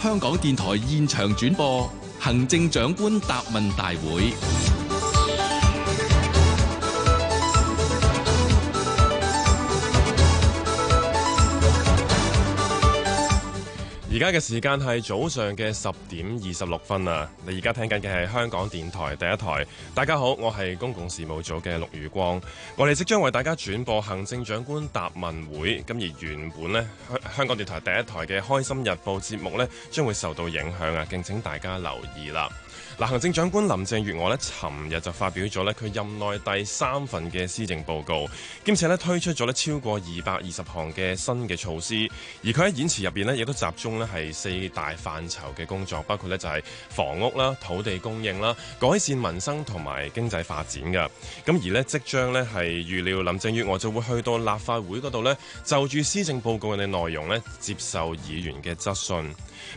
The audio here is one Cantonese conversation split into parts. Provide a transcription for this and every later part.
香港電台現場轉播行政長官答問大會。而家嘅時間係早上嘅十點二十六分啊。你而家聽緊嘅係香港電台第一台，大家好，我係公共事務組嘅陸如光，我哋即將為大家轉播行政長官答問會，咁而原本咧香香港電台第一台嘅開心日報節目咧，將會受到影響啊，敬請大家留意啦。嗱，行政長官林鄭月娥咧，尋日就發表咗咧佢任內第三份嘅施政報告，兼且咧推出咗咧超過二百二十項嘅新嘅措施，而佢喺演辭入邊咧亦都集中咧係四大範疇嘅工作，包括咧就係房屋啦、土地供應啦、改善民生同埋經濟發展嘅。咁而咧即將咧係預料林鄭月娥就會去到立法會嗰度咧，就住施政報告嘅內容咧接受議員嘅質詢。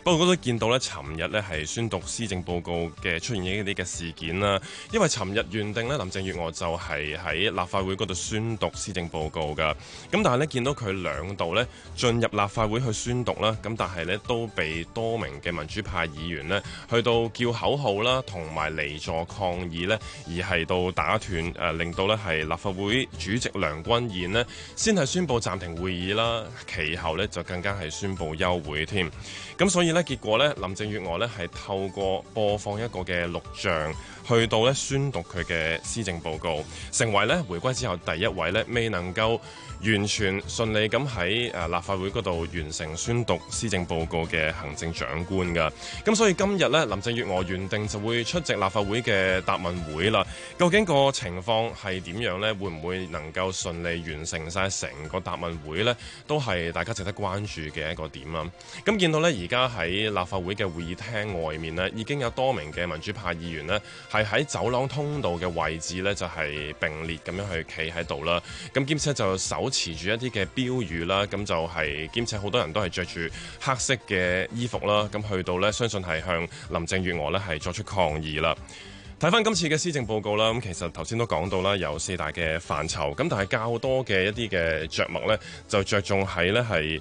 不過我都見到咧，尋日咧係宣讀施政報告嘅，出現呢啲嘅事件啦，因為尋日原定咧林鄭月娥就係喺立法會嗰度宣讀施政報告噶，咁但係呢，見到佢兩度咧進入立法會去宣讀啦，咁但係呢，都被多名嘅民主派議員呢去到叫口號啦，同埋離座抗議呢，而係到打斷誒，令到呢係立法會主席梁君彥呢先係宣布暫停會議啦，其後呢，就更加係宣布休會添，咁所以呢，結果呢，林鄭月娥呢係透過播放一個我嘅錄像。去到咧宣讀佢嘅施政報告，成為咧回歸之後第一位咧未能夠完全順利咁喺誒立法會嗰度完成宣讀施政報告嘅行政長官噶。咁所以今日咧林鄭月娥原定就會出席立法會嘅答問會啦。究竟個情況係點樣呢？會唔會能夠順利完成晒成個答問會呢？都係大家值得關注嘅一個點啊！咁見到咧而家喺立法會嘅會議廳外面咧，已經有多名嘅民主派議員咧喺。喺走廊通道嘅位置呢，就係並列咁樣去企喺度啦。咁兼且就手持住一啲嘅標語啦。咁就係兼且好多人都係着住黑色嘅衣服啦。咁去到呢，相信係向林鄭月娥呢係作出抗議啦。睇翻今次嘅施政報告啦，咁其實頭先都講到啦，有四大嘅範疇。咁但係較多嘅一啲嘅着墨呢，就着重喺呢係。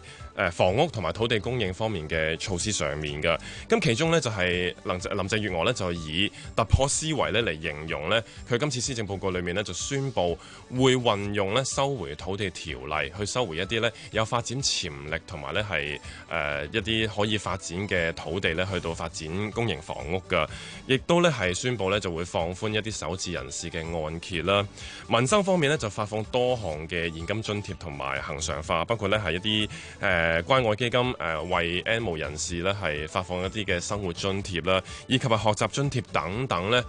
誒房屋同埋土地供應方面嘅措施上面嘅，咁其中呢就係林鄭林鄭月娥呢，就以突破思維呢嚟形容呢，佢今次施政報告裏面呢，就宣布會運用呢收回土地條例，去收回一啲呢有發展潛力同埋呢係誒一啲可以發展嘅土地呢去到發展公營房屋噶，亦都呢係宣布呢就會放寬一啲首置人士嘅按揭啦。民生方面呢就發放多項嘅現金津貼同埋恒常化，包括呢係一啲誒。呃誒關愛基金誒為 N 無人士咧係發放一啲嘅生活津貼啦，以及係學習津貼等等咧。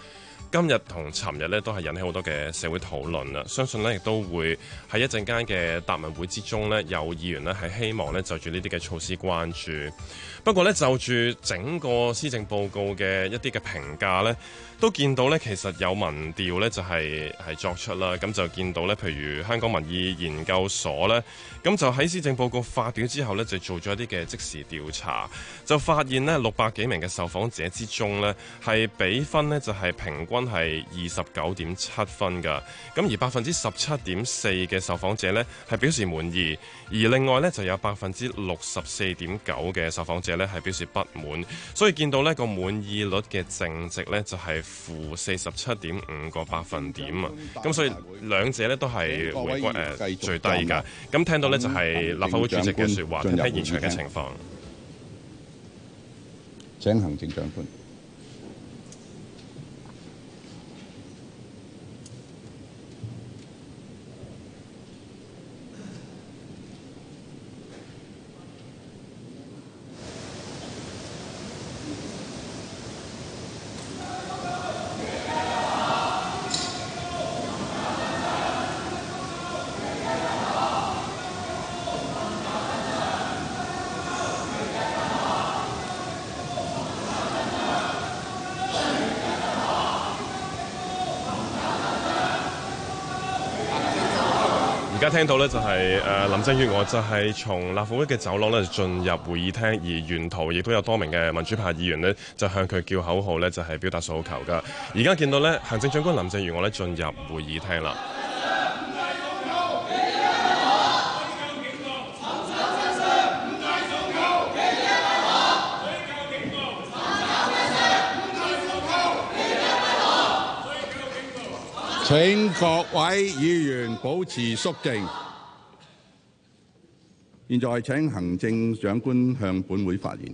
今日同尋日咧都係引起好多嘅社會討論啦。相信咧亦都會喺一陣間嘅答問會之中咧，有議員咧係希望咧就住呢啲嘅措施關注。不過咧就住整個施政報告嘅一啲嘅評價咧，都見到呢，其實有民調呢就係作出啦，咁就見到呢，譬如香港民意研究所呢，咁就喺施政報告發表之後呢，就做咗一啲嘅即時調查，就發現呢六百幾名嘅受訪者之中呢，係比分呢就係平均係二十九點七分㗎，咁而百分之十七點四嘅受訪者呢係表示滿意，而另外呢就有百分之六十四點九嘅受訪者呢係表示不滿，所以見到呢個滿意率嘅淨值呢，就係、是。負四十七點五個百分點啊！咁所以兩者咧都係回歸誒最低㗎。咁聽到咧就係立法會主席嘅説話，睇翻現場嘅情況。請行政長官。聽到咧就係誒林鄭月娥就係從立法會嘅走廊咧進入會議廳，而沿途亦都有多名嘅民主派議員呢就向佢叫口號咧就係表達訴求㗎。而家見到咧行政長官林鄭月娥咧進入會議廳啦。請各位議員保持肅靜。現在請行政長官向本會發言。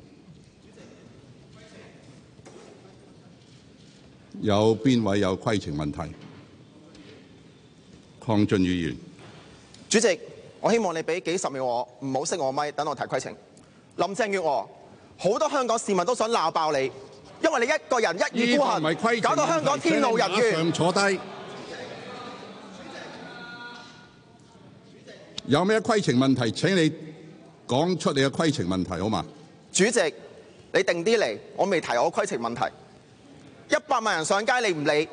有邊位有規程問題？鄺俊議員，主席，我希望你俾幾十秒我，唔好熄我咪，等我提規程。林鄭月娥，好多香港市民都想鬧爆你，因為你一個人一意孤行，搞到香港天怒人怨。請馬上坐低。有咩規程問題？請你講出你嘅規程問題好嘛？主席，你定啲嚟，我未提我嘅規程問題。一百萬人上街你唔理，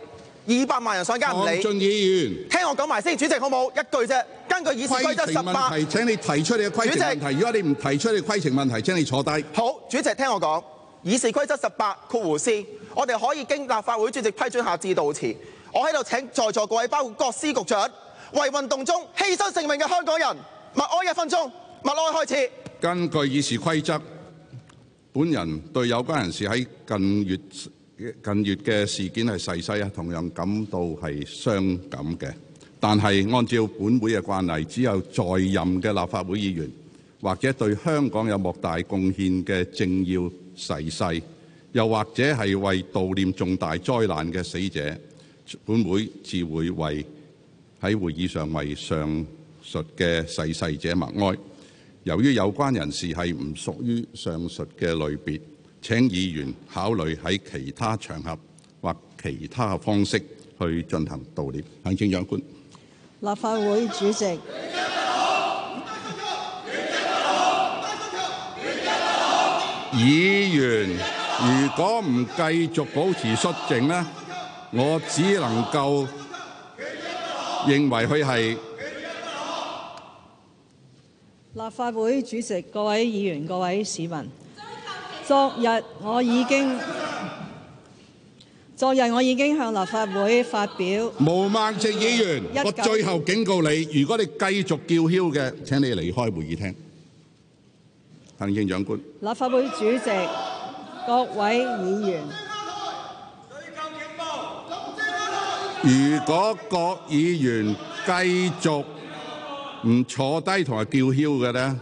二百萬人上街唔理。何俊議員，聽我講埋先，主席好唔好？一句啫。根據議事規則十八，主席，規程問題，請你提出你嘅規程問題。主席，如果你唔提出你嘅規程問題，請你坐低。好，主席聽我講，議事規則十八括弧四，我哋可以經立法會主席批准下至道歉。我喺度請在座各位，包括各司局長。為運動中犧牲性命嘅香港人默哀一分鐘，默哀開始。根據議事規則，本人對有關人士喺近月近月嘅事件係逝世啊，同樣感到係傷感嘅。但係按照本會嘅慣例，只有在任嘅立法會議員或者對香港有莫大貢獻嘅政要逝世，又或者係為悼念重大災難嘅死者，本會自會為。喺會議上為上述嘅逝世，世者默哀。由於有關人士係唔屬於上述嘅類別，請議員考慮喺其他場合或其他方式去進行悼念。行政長官、立法會主席、議員，如果唔繼續保持肅靜呢，我只能夠。認為佢係立法會主席，各位議員，各位市民。昨日我已經，昨日我已經向立法會發表。毛孟靜議員，個我最後警告你，如果你繼續叫囂嘅，請你離開會議廳。行政長官，立法會主席，各位議員。如果各議員繼續唔坐低同埋叫囂嘅咧，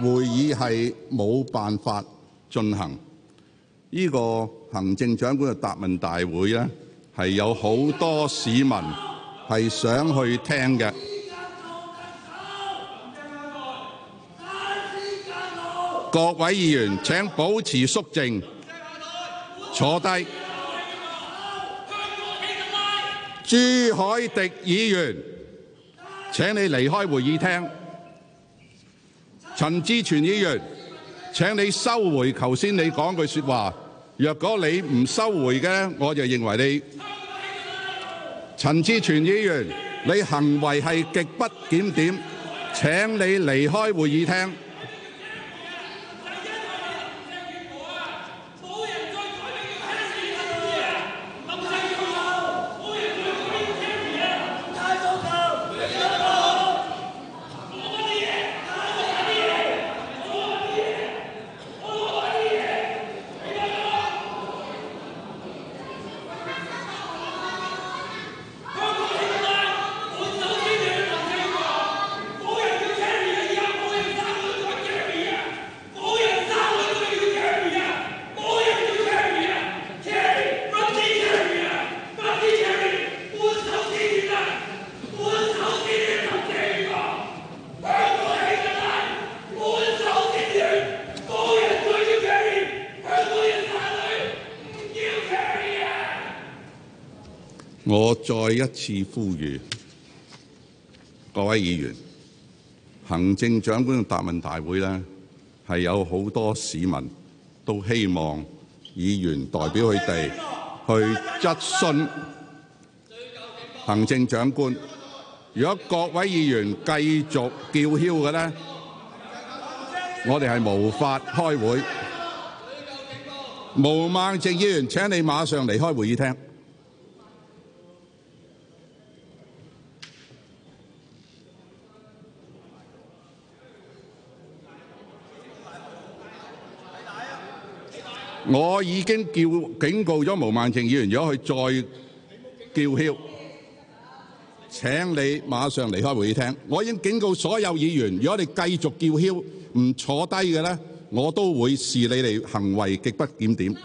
會議係冇辦法進行。呢個行政長官嘅答問大會咧，係有好多市民係想去聽嘅。各位議員請保持肅靜，坐低。朱海迪議員，請你離開會議廳。陳志全議員，請你收回頭先你講句説話。若果你唔收回嘅，我就認為你。陳志全議員，你行為係極不檢點。請你離開會議廳。一次呼籲各位議員，行政長官嘅答問大會咧，係有好多市民都希望議員代表佢哋去質詢行政長官。如果各位議員繼續叫囂嘅咧，我哋係無法開會。毛孟靜議員，請你馬上離開會議廳。我已經叫警告咗毛孟靜議員，如果佢再叫囂，請你馬上離開會議廳。我已經警告所有議員，如果你繼續叫囂唔坐低嘅咧，我都會視你哋行為極不檢點。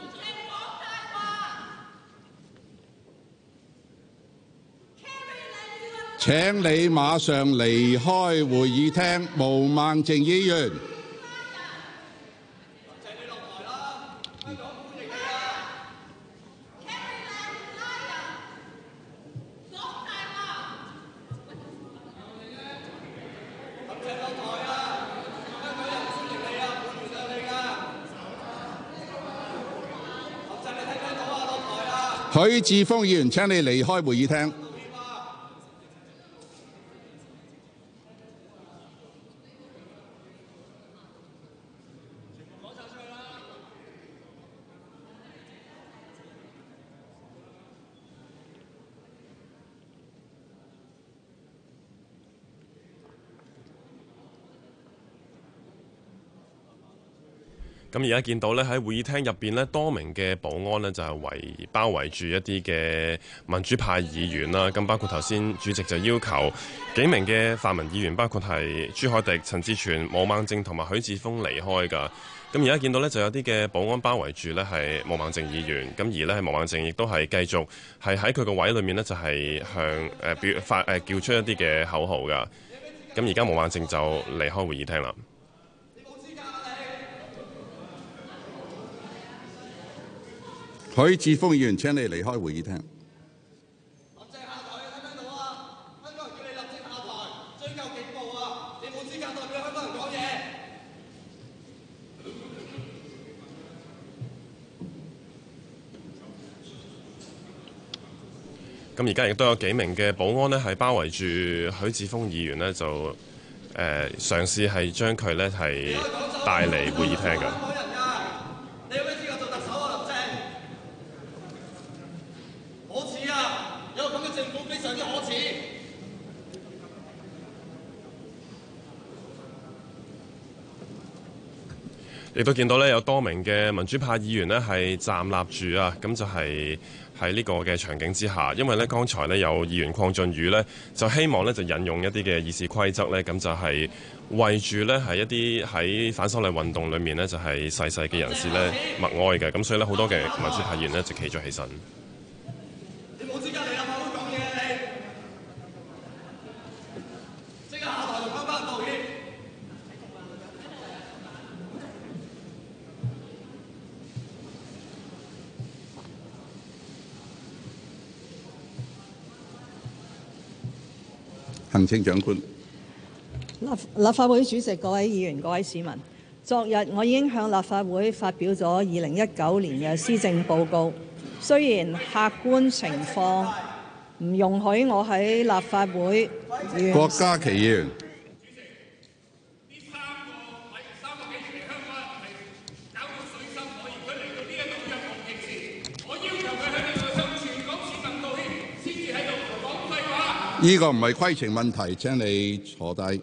請你馬上離開會議廳，毛孟靜議員。志峰議員，請你離開會議廳。咁而家見到咧喺會議廳入面呢，多名嘅保安呢，就係圍包圍住一啲嘅民主派議員啦，咁包括頭先主席就要求幾名嘅泛民議員，包括係朱凱迪、陳志全、毛孟靜同埋許智峰離開噶。咁而家見到呢，就有啲嘅保安包圍住呢係毛孟靜議員，咁而呢，係毛孟靜亦都係繼續係喺佢個位裏面呢，就係向表發叫出一啲嘅口號噶。咁而家毛孟靜就離開會議廳啦。許智峰議員，請你離開會議廳。立即下台，聽唔聽到啊？香港人叫你立即下台，追究警暴啊！你冇資格代表香港人講嘢。咁而家亦都有幾名嘅保安呢，係包圍住許智峰議員呢就誒、呃、嘗試係將佢呢，係帶嚟會議廳噶。亦都見到咧有多名嘅民主派議員呢係站立住啊，咁就係喺呢個嘅場景之下，因為呢，剛才呢有議員鄺俊宇呢，就希望呢就引用一啲嘅議事規則呢，咁就係為住呢係一啲喺反修例運動裡面呢，就係逝世嘅人士呢默哀嘅，咁所以呢，好多嘅民主派議員呢就企咗起身。行政長官，立法會主席，各位議員，各位市民，昨日我已經向立法會發表咗二零一九年嘅施政報告。雖然客觀情況唔容許我喺立法會議員，郭家麒議員。呢個唔係規程問題，請你坐低。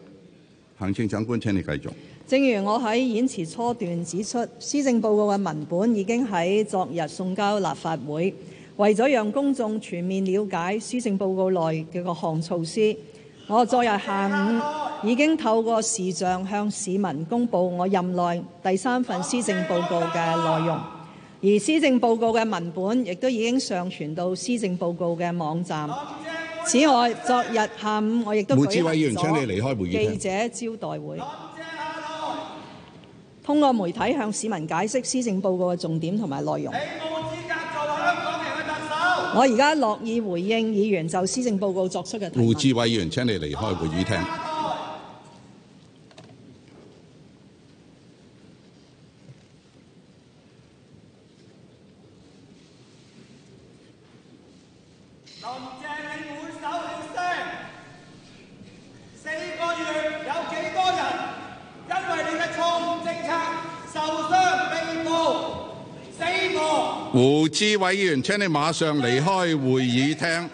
行政長官請你繼續。正如我喺演辭初段指出，施政報告嘅文本已經喺昨日送交立法會。為咗讓公眾全面了解施政報告內嘅各項措施，我昨日下午已經透過視像向市民公布我任內第三份施政報告嘅內容。而施政報告嘅文本亦都已經上傳到施政報告嘅網站。此外，昨日下午我亦都舉行咗記者招待會通過媒體向市民解釋施政報告嘅重點同埋內容。我而家樂意回應議員就施政報告作出嘅。胡志偉議員，請你離開會議廳。支委員，請你馬上離開會議廳。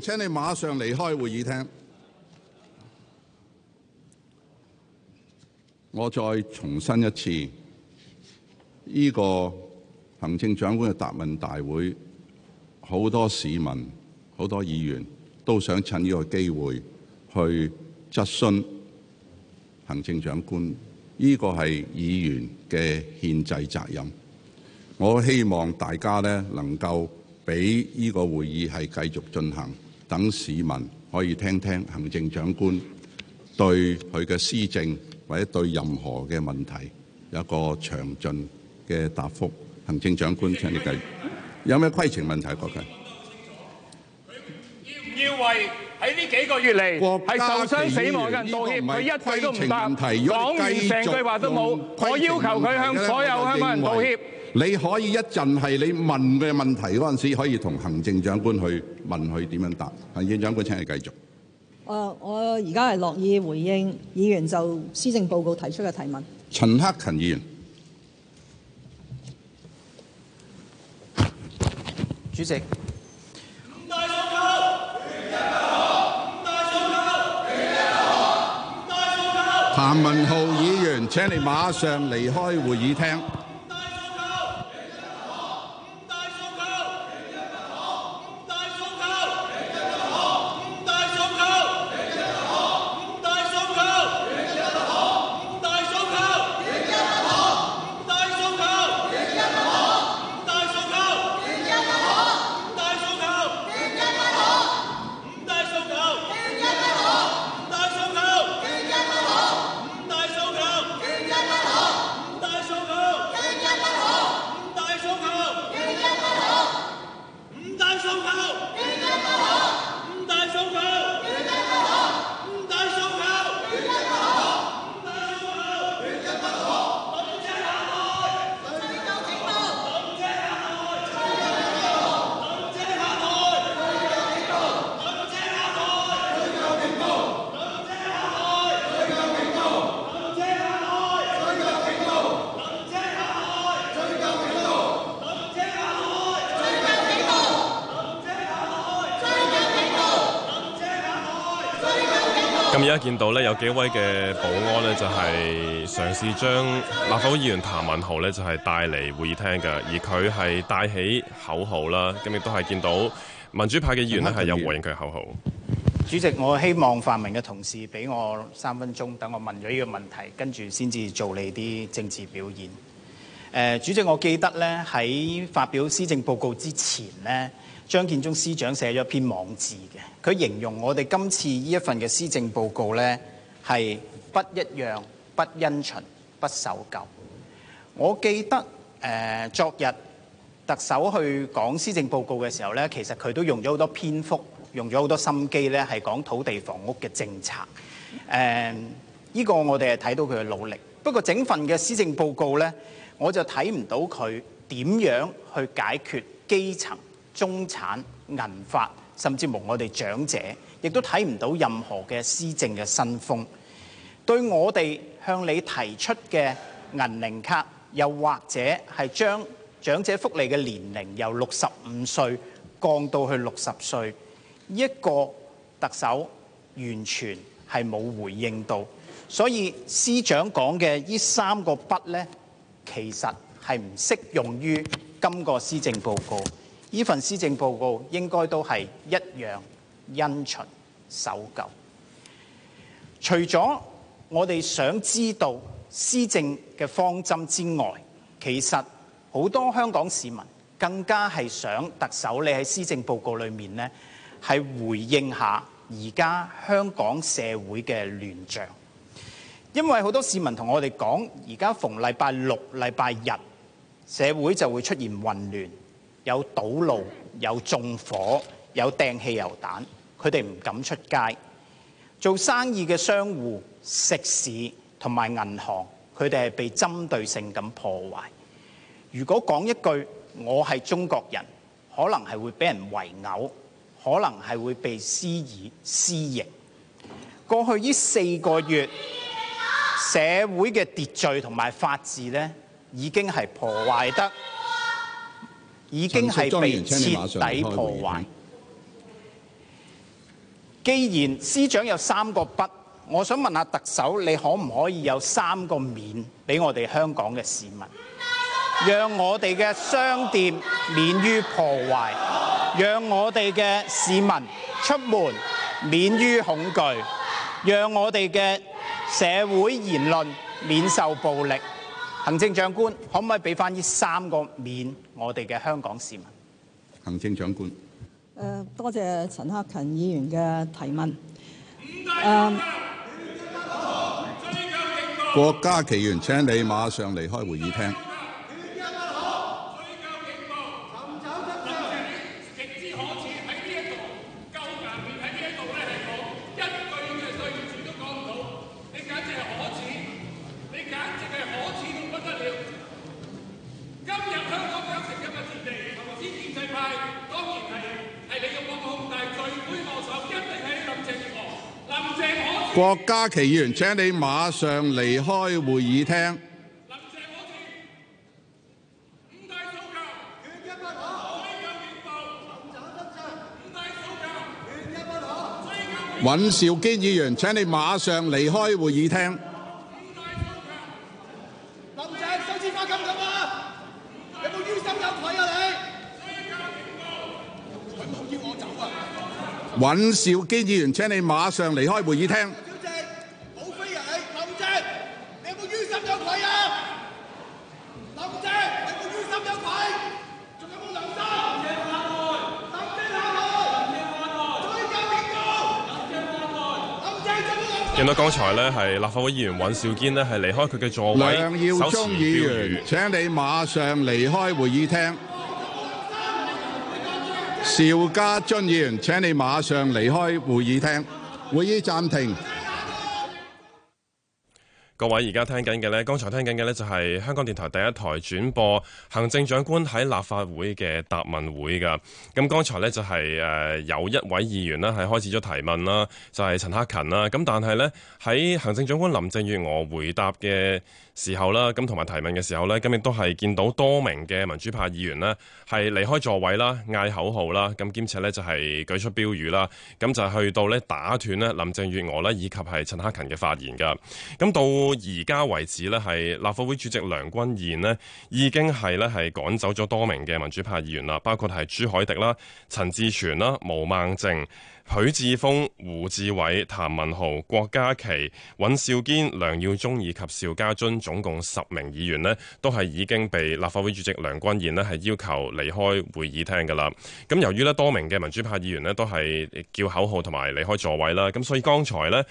請你馬上離開會議廳。我再重申一次，呢個行政長官嘅答問大會，好多市民、好多議員都想趁呢個機會去質詢行政長官。呢個係議員嘅憲制責任。我希望大家呢，能夠俾呢個會議係繼續進行。等市民可以聽聽行政長官對佢嘅施政，或者對任何嘅問題有一個詳盡嘅答覆行政長官，請你計。有咩規程問題？國家要唔要為喺呢幾個月嚟係受傷死亡嘅人道歉？佢一句都唔答，講完成句話都冇。我要求佢向所有香港人道歉。你可以一陣係你問嘅問題嗰陣時，可以同行政長官去問佢點樣答。行政長官請你繼續。呃，我而家係樂意回應議員就施政報告提出嘅提問。陳克勤議員，主席。五大上交，亂七八糟；五大上交，五大上交，亂七八糟。譚文浩議員，請你馬上離開會議廳。見到咧有幾位嘅保安咧就係嘗試將立法會議員譚文豪咧就係帶嚟會議廳嘅，而佢係帶起口號啦，咁亦都係見到民主派嘅議員咧係有回應佢口號。主席，我希望泛民嘅同事俾我三分鐘，等我問咗呢個問題，跟住先至做你啲政治表演。誒、呃，主席，我記得咧喺發表施政報告之前咧。張建宗司長寫咗一篇網誌嘅，佢形容我哋今次呢一份嘅施政報告咧係不一樣、不因循、不守舊。我記得誒、呃，昨日特首去講施政報告嘅時候呢，其實佢都用咗好多篇幅，用咗好多心機呢，係講土地房屋嘅政策。誒、呃，呢、這個我哋係睇到佢嘅努力。不過整份嘅施政報告呢，我就睇唔到佢點樣去解決基層、中產、銀發，甚至無我哋長者，亦都睇唔到任何嘅施政嘅新風。對我哋向你提出嘅銀齡卡，又或者係將長者福利嘅年齡由六十五歲降到去六十歲，一個特首完全係冇回應到。所以司長講嘅呢三個不呢，其實係唔適用於今個施政報告。呢份施政報告應該都係一樣因循守舊。除咗我哋想知道施政嘅方針之外，其實好多香港市民更加係想特首你喺施政報告裏面呢，係回應下而家香港社會嘅亂象。因為好多市民同我哋講，而家逢禮拜六、禮拜日，社會就會出現混亂。有堵路，有縱火，有掟汽油彈，佢哋唔敢出街。做生意嘅商戶、食肆同埋銀行，佢哋係被針對性咁破壞。如果講一句我係中國人，可能係會俾人圍毆，可能係會被施以私刑。過去呢四個月，社會嘅秩序同埋法治呢已經係破壞得。已經係被徹底破壞。既然司長有三個不，我想問下特首，你可唔可以有三個免畀我哋香港嘅市民，讓我哋嘅商店免於破壞，讓我哋嘅市民出門免於恐懼，讓我哋嘅社會言論免受暴力。行政長官，可唔可以俾翻呢三個面我哋嘅香港市民？行政長官，誒多謝陳克勤議員嘅提問。誒，嗯，郭家麒議員，請你馬上離開會議廳。郭家麒議員，請你馬上離開會議廳。林鄭，我哋五大訴求，決不妥，海金憲報，走走走，五大訴求，決不妥。尹兆堅議員，請你馬上離開會議廳。五大訴求，林鄭好似花金咁啊！有冇於心有愧啊你？海金憲報，佢冇叫我走啊！尹兆堅議員，請你馬上離開會議廳。見到剛才咧，係立法會議員尹兆堅咧，係離開佢嘅座位，梁耀忠議員手持標語：請你馬上離開會議廳，邵、哦、家遵議員，請你馬上離開會議廳，會議暫停。各位而家聽緊嘅呢，剛才聽緊嘅呢就係香港電台第一台轉播行政長官喺立法會嘅答問會㗎。咁剛才呢就係誒有一位議員呢係開始咗提問啦，就係、是、陳克勤啦。咁但係呢，喺行政長官林鄭月娥回答嘅時，後時候啦，咁同埋提問嘅時候呢，咁亦都係見到多名嘅民主派議員呢係離開座位啦，嗌口號啦，咁兼且呢就係舉出標語啦，咁就去到呢打斷呢林鄭月娥呢以及係陳克勤嘅發言噶。咁到而家為止呢，係立法會主席梁君彥呢已經係呢係趕走咗多名嘅民主派議員啦，包括係朱凱迪啦、陳志全啦、毛孟靜、許智峰、胡志偉、譚文豪、郭家麒、尹兆堅、梁耀忠以及邵家臻，總共十名議員呢都係已經被立法會主席梁君彥呢係要求離開會議廳噶啦。咁由於呢多名嘅民主派議員呢都係叫口號同埋離開座位啦，咁所以剛才呢。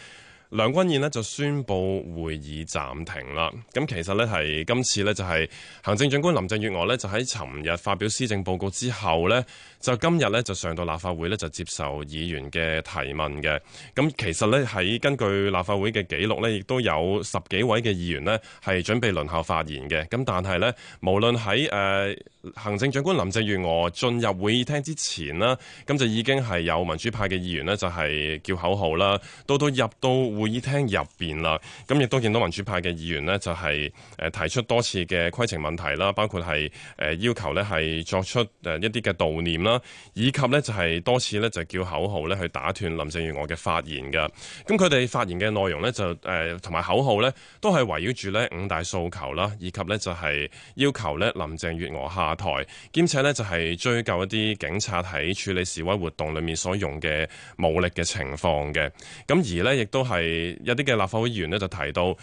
梁君彥呢就宣佈會議暫停啦。咁其實呢，係今次呢，就係行政長官林鄭月娥呢，就喺尋日發表施政報告之後呢，就今日呢，就上到立法會呢，就接受議員嘅提問嘅。咁其實呢，喺根據立法會嘅記錄呢，亦都有十幾位嘅議員呢，係準備輪候發言嘅。咁但係呢，無論喺誒。呃行政長官林鄭月娥進入會議廳之前呢，咁就已經係有民主派嘅議員呢，就係叫口號啦。到到入到會議廳入邊啦，咁亦都見到民主派嘅議員呢，就係誒提出多次嘅規程問題啦，包括係誒要求呢係作出誒一啲嘅悼念啦，以及呢就係多次呢就叫口號呢去打斷林鄭月娥嘅發言嘅。咁佢哋發言嘅內容呢，就誒同埋口號呢，都係圍繞住呢五大訴求啦，以及呢就係要求呢林鄭月娥下台兼且呢，就係、是、追究一啲警察喺處理示威活動裏面所用嘅武力嘅情況嘅，咁而呢，亦都係一啲嘅立法會議員呢，就提到。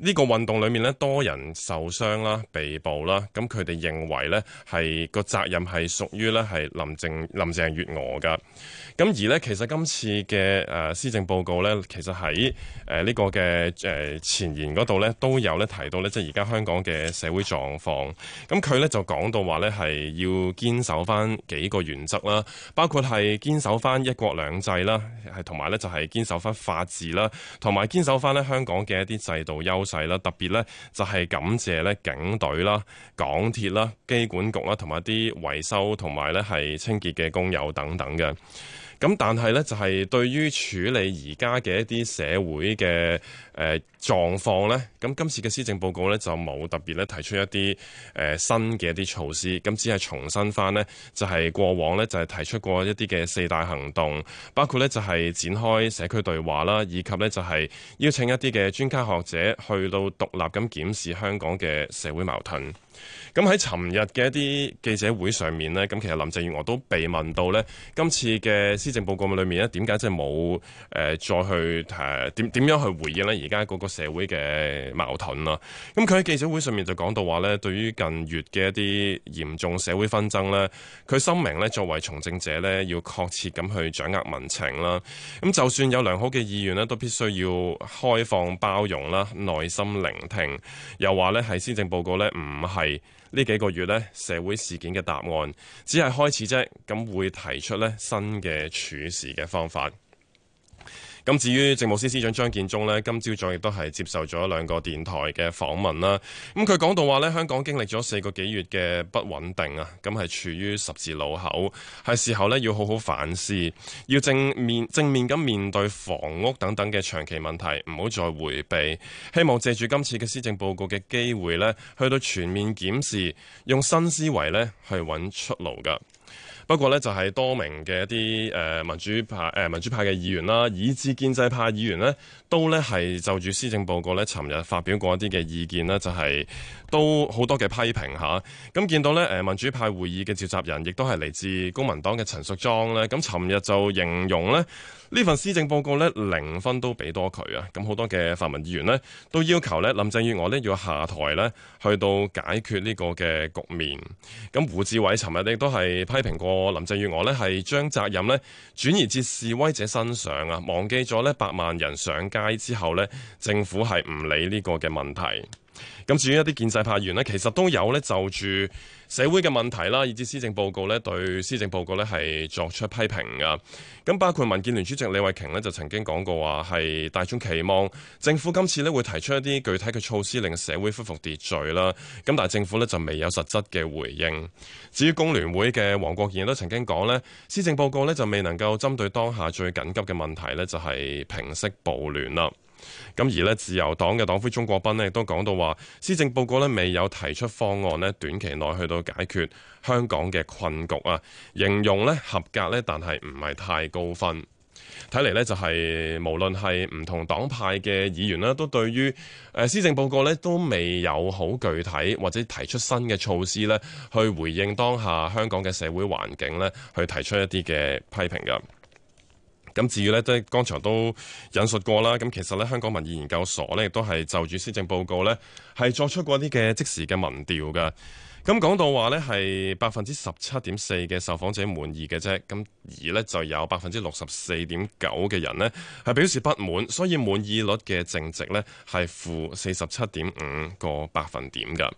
呢個運動裏面咧，多人受傷啦、被捕啦，咁佢哋認為咧係個責任係屬於咧係林鄭林鄭月娥噶。咁而咧，其實今次嘅誒、呃、施政報告咧，其實喺誒呢個嘅誒、呃、前言度咧，都有咧提到咧，即係而家香港嘅社會狀況，咁佢咧就講到話咧係要堅守翻幾個原則啦，包括係堅守翻一國兩制啦，係同埋咧就係堅守翻法治啦，同埋堅守翻咧香港嘅一啲制度優勢。啦，特別咧就係感謝咧警隊啦、港鐵啦、機管局啦，同埋啲維修同埋咧係清潔嘅工友等等嘅。咁但係呢就係、是、對於處理而家嘅一啲社會嘅誒、呃、狀況呢。咁今次嘅施政報告呢，就冇特別呢提出一啲、呃、新嘅一啲措施，咁只係重申返呢，就係、是、過往呢，就係、是、提出過一啲嘅四大行動，包括呢就係、是、展開社區對話啦，以及呢就係、是、邀請一啲嘅專家學者去到獨立咁檢視香港嘅社會矛盾。咁喺尋日嘅一啲記者會上面呢，咁其實林鄭月娥都被問到呢，今次嘅施政報告裏面呢，點解即係冇誒再去誒點、呃、點樣去回應呢？而家嗰個社會嘅矛盾啦，咁佢喺記者會上面就講到話呢，對於近月嘅一啲嚴重社會紛爭呢，佢聲明呢，作為從政者呢，要確切咁去掌握民情啦。咁就算有良好嘅意願呢，都必須要開放包容啦，耐心聆聽。又話呢，喺施政報告呢，唔係。呢幾個月呢社會事件嘅答案只係開始啫，咁會提出呢新嘅處事嘅方法。咁至於政務司司長張建宗呢，今朝早亦都係接受咗兩個電台嘅訪問啦。咁佢講到話呢，香港經歷咗四個幾月嘅不穩定啊，咁係處於十字路口，係時候呢要好好反思，要正面正面咁面對房屋等等嘅長期問題，唔好再迴避。希望借住今次嘅施政報告嘅機會呢，去到全面檢視，用新思維呢去揾出路㗎。不過咧，就係多名嘅一啲誒民主派、誒民主派嘅議員啦，以至建制派議員咧。都咧係就住施政報告咧，尋日發表過一啲嘅意見啦，就係、是、都好多嘅批評吓，咁見到咧，誒民主派會議嘅召集人亦都係嚟自公民黨嘅陳淑莊咧。咁尋日就形容咧呢份施政報告咧零分都俾多佢啊！咁好多嘅泛民議員咧都要求咧林鄭月娥咧要下台咧，去到解決呢個嘅局面。咁胡志偉尋日亦都係批評過林鄭月娥咧，係將責任咧轉移至示威者身上啊，忘記咗咧百萬人上街。之後呢，政府係唔理呢個嘅問題。咁至於一啲建制派員咧，其實都有咧就住社會嘅問題啦，以至施政報告咧對施政報告咧係作出批評嘅。咁包括民建聯主席李慧瓊咧就曾經講過，話係大眾期望政府今次咧會提出一啲具體嘅措施，令社會恢復秩序啦。咁但係政府咧就未有實質嘅回應。至於工聯會嘅黃國健都曾經講咧，施政報告咧就未能夠針對當下最緊急嘅問題咧，就係平息暴亂啦。咁而呢自由黨嘅黨魁鍾國斌呢亦都講到話，施政報告呢未有提出方案呢短期內去到解決香港嘅困局啊，形容呢合格呢，但係唔係太高分。睇嚟呢就係無論係唔同黨派嘅議員呢都對於誒施政報告呢都未有好具體或者提出新嘅措施呢去回應當下香港嘅社會環境呢去提出一啲嘅批評嘅。咁至於咧，都剛才都引述過啦。咁其實咧，香港民意研究所咧，亦都係就住施政報告呢係作出過啲嘅即時嘅民調嘅。咁講到話呢係百分之十七點四嘅受訪者滿意嘅啫。咁而呢就有百分之六十四點九嘅人呢係表示不滿，所以滿意率嘅淨值呢係負四十七點五個百分點嘅。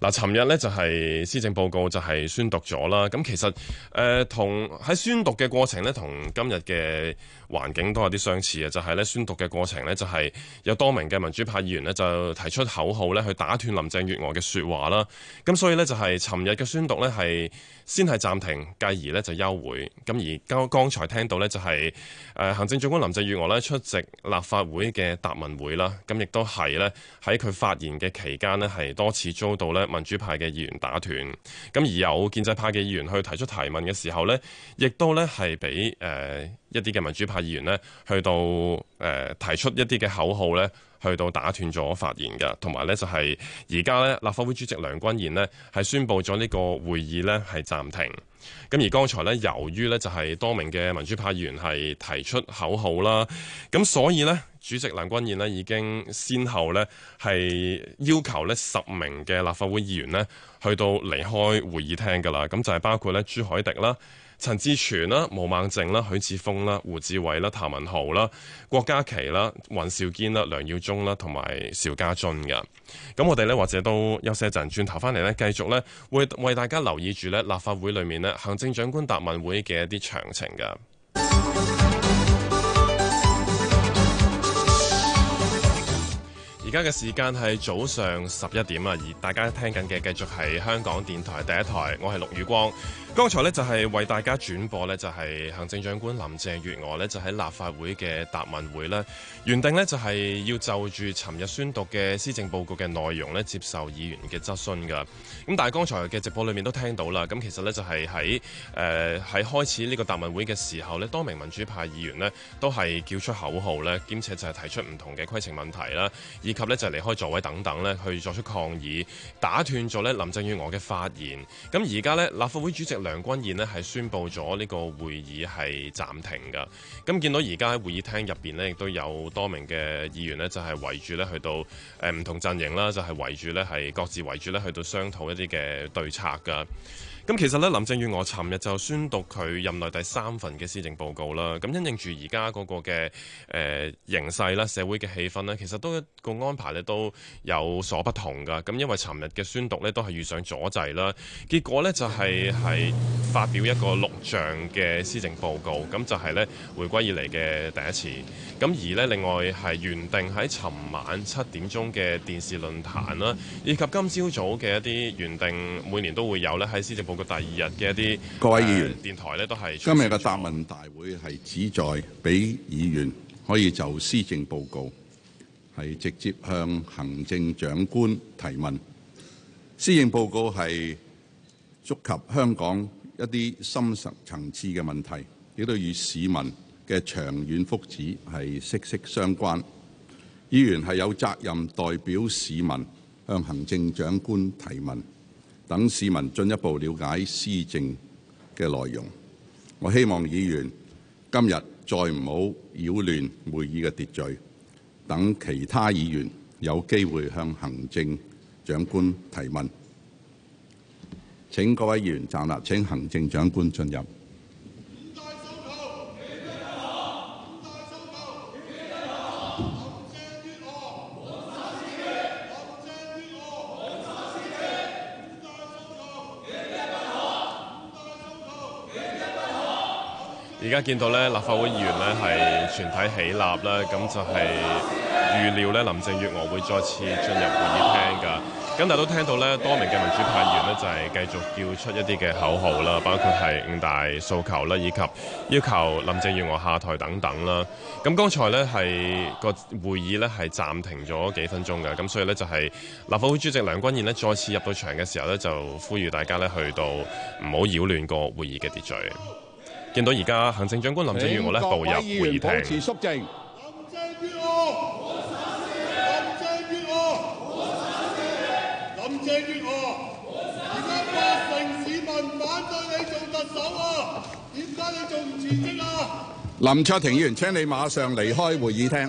嗱，尋日咧就係施政報告就係宣讀咗啦，咁其實誒、呃、同喺宣讀嘅過程咧，同今日嘅環境都有啲相似嘅，就係咧宣讀嘅過程呢，就係有多名嘅民主派議員呢，就提出口號咧，去打斷林鄭月娥嘅説話啦。咁所以呢，就係尋日嘅宣讀呢，係先係暫停，繼而呢，就休會。咁而剛剛才聽到呢，就係誒行政長官林鄭月娥咧出席立法會嘅答問會啦。咁亦都係呢，喺佢發言嘅期間呢，係多次遭到咧民主派嘅議員打斷。咁而有建制派嘅議員去提出提問嘅時候呢，亦都呢，係俾誒。一啲嘅民主派議員呢，去到、呃、提出一啲嘅口號呢，去到打斷咗發言嘅，同埋呢，就係而家呢立法會主席梁君彥呢，係宣布咗呢個會議呢，係暫停。咁而剛才呢，由於呢就係、是、多名嘅民主派議員係提出口號啦，咁所以呢主席梁君彥呢，已經先後呢係要求呢十名嘅立法會議員呢，去到離開會議廳㗎啦。咁就係包括咧朱凱迪啦。陳志全啦、毛孟靜啦、許智峰啦、胡志偉啦、譚文豪啦、郭家麒啦、尹兆堅啦、梁耀忠啦，同埋邵家俊噶。咁我哋咧，或者都休息一陣，轉頭翻嚟咧，繼續咧會為大家留意住咧立法會裏面咧行政長官答問會嘅一啲詳情噶。而家嘅時間係早上十一點啊，而大家聽緊嘅繼續係香港電台第一台，我係陸宇光。剛才呢，就係為大家轉播呢，就係行政長官林鄭月娥呢，就喺立法會嘅答問會呢，原定呢，就係要就住尋日宣讀嘅施政報告嘅內容呢，接受議員嘅質詢噶。咁但係剛才嘅直播裏面都聽到啦，咁其實呢，就係喺誒喺開始呢個答問會嘅時候呢，多名民主派議員呢，都係叫出口號咧，兼且就係提出唔同嘅規程問題啦，以及呢，就係離開座位等等呢，去作出抗議，打斷咗呢林鄭月娥嘅發言。咁而家呢，立法會主席。梁君彥咧係宣布咗呢個會議係暫停嘅，咁見到而家喺會議廳入邊呢，亦都有多名嘅議員呢、呃，就係圍住咧去到誒唔同陣營啦，就係圍住咧係各自圍住咧去到商討一啲嘅對策嘅。咁其實咧，林鄭月娥尋日就宣讀佢任內第三份嘅施政報告啦。咁因應住而家嗰個嘅誒形勢啦，社會嘅氣氛咧，其實都一個安排咧都有所不同噶。咁因為尋日嘅宣讀咧都係遇上阻滯啦，結果咧就係、是、係發表一個錄像嘅施政報告，咁就係咧回歸以嚟嘅第一次。咁而咧另外係原定喺尋晚七點鐘嘅電視論壇啦，以及今朝早嘅一啲原定每年都會有咧喺施政報告。個第二日嘅一啲各位議員，呃、電台咧都係今日嘅答問大會係旨在俾議員可以就施政報告係直接向行政長官提問。施政報告係觸及香港一啲深層層次嘅問題，亦都與市民嘅長遠福祉係息息相關。議員係有責任代表市民向行政長官提問。等市民進一步了解施政嘅內容，我希望議員今日再唔好擾亂會議嘅秩序，等其他議員有機會向行政長官提問。請各位議員站立，請行政長官進入。而家見到咧，立法會議員咧係全體起立咧，咁就係預料咧林鄭月娥會再次進入會議廳㗎。咁但係都聽到咧，多名嘅民主派議員咧就係繼續叫出一啲嘅口號啦，包括係五大訴求啦，以及要求林鄭月娥下台等等啦。咁剛才咧係個會議咧係暫停咗幾分鐘㗎，咁所以呢，就係立法會主席梁君彥咧再次入到場嘅時候呢就呼籲大家咧去到唔好擾亂個會議嘅秩序。見到而家行政長官林鄭月娥咧步入會議廳。肅靜。林鄭月娥！林鄭月娥！林鄭月娥！點解八成市民反對你做特首呀？點解你仲唔辭職呀？林卓廷議員，請你馬上離開會議廳。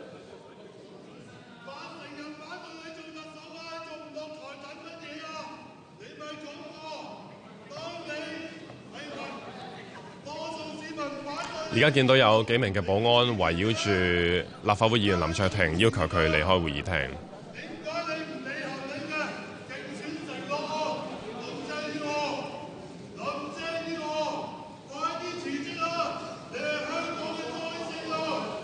而家見到有幾名嘅保安圍繞住立法會議員林卓廷，要求佢離開會議廳。你講你唔理香港啊？政綱承諾，林鄭月娥，林鄭月娥，快啲辭職啊！你係香港嘅災星啊！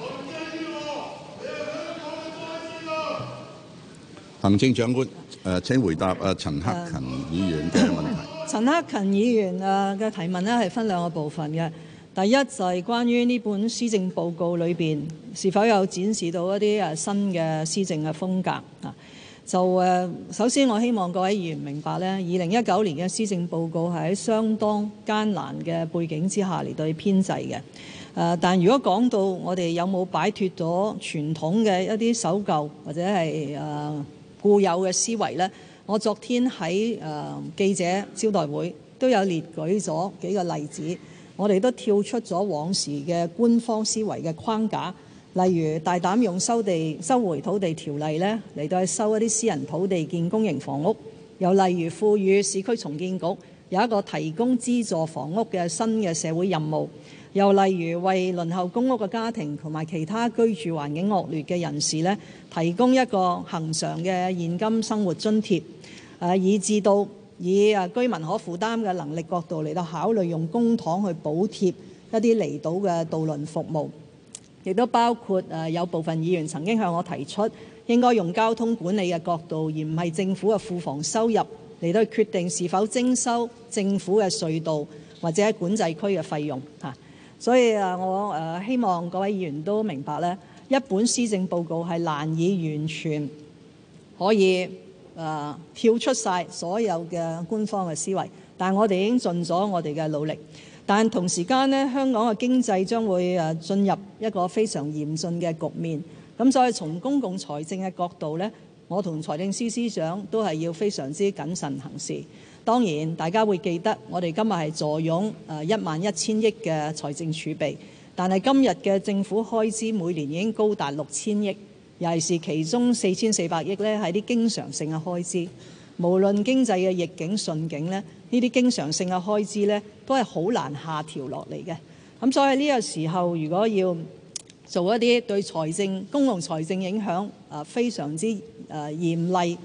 林鄭月娥，你係香港嘅災星啊！行政長官，請回答陳克勤議員嘅問題。呃呃、陳克勤議員嘅提問係分兩個部分嘅。第一就係、是、關於呢本施政報告裏邊是否有展示到一啲誒新嘅施政嘅風格啊？就誒，首先我希望各位議員明白咧，二零一九年嘅施政報告係喺相當艱難嘅背景之下嚟到去編制嘅。誒，但如果講到我哋有冇擺脫咗傳統嘅一啲守舊或者係誒固有嘅思維咧，我昨天喺誒記者招待會都有列舉咗幾個例子。我哋都跳出咗往時嘅官方思維嘅框架，例如大膽用收地收回土地條例咧嚟到去收一啲私人土地建公營房屋，又例如賦予市區重建局有一個提供資助房屋嘅新嘅社會任務，又例如為輪候公屋嘅家庭同埋其他居住環境惡劣嘅人士咧提供一個恒常嘅現金生活津貼，以至到，以啊居民可負擔嘅能力角度嚟到考慮用公帑去補貼一啲離島嘅渡輪服務，亦都包括誒有部分議員曾經向我提出，應該用交通管理嘅角度，而唔係政府嘅庫房收入嚟到決定是否徵收政府嘅隧道或者管制區嘅費用嚇。所以啊，我誒希望各位議員都明白咧，一本施政報告係難以完全可以。誒跳出晒所有嘅官方嘅思維，但係我哋已經盡咗我哋嘅努力。但同時間呢，香港嘅經濟將會誒進入一個非常嚴峻嘅局面。咁所以從公共財政嘅角度呢，我同財政司司長都係要非常之謹慎行事。當然，大家會記得我哋今日係坐擁一萬一千億嘅財政儲備，但係今日嘅政府開支每年已經高達六千億。尤其是其中四千四百億咧，係啲經常性嘅開支，無論經濟嘅逆境、順境呢，呢啲經常性嘅開支咧，都係好難下調落嚟嘅。咁所以呢個時候，如果要做一啲對財政公共財政影響啊非常之誒嚴厲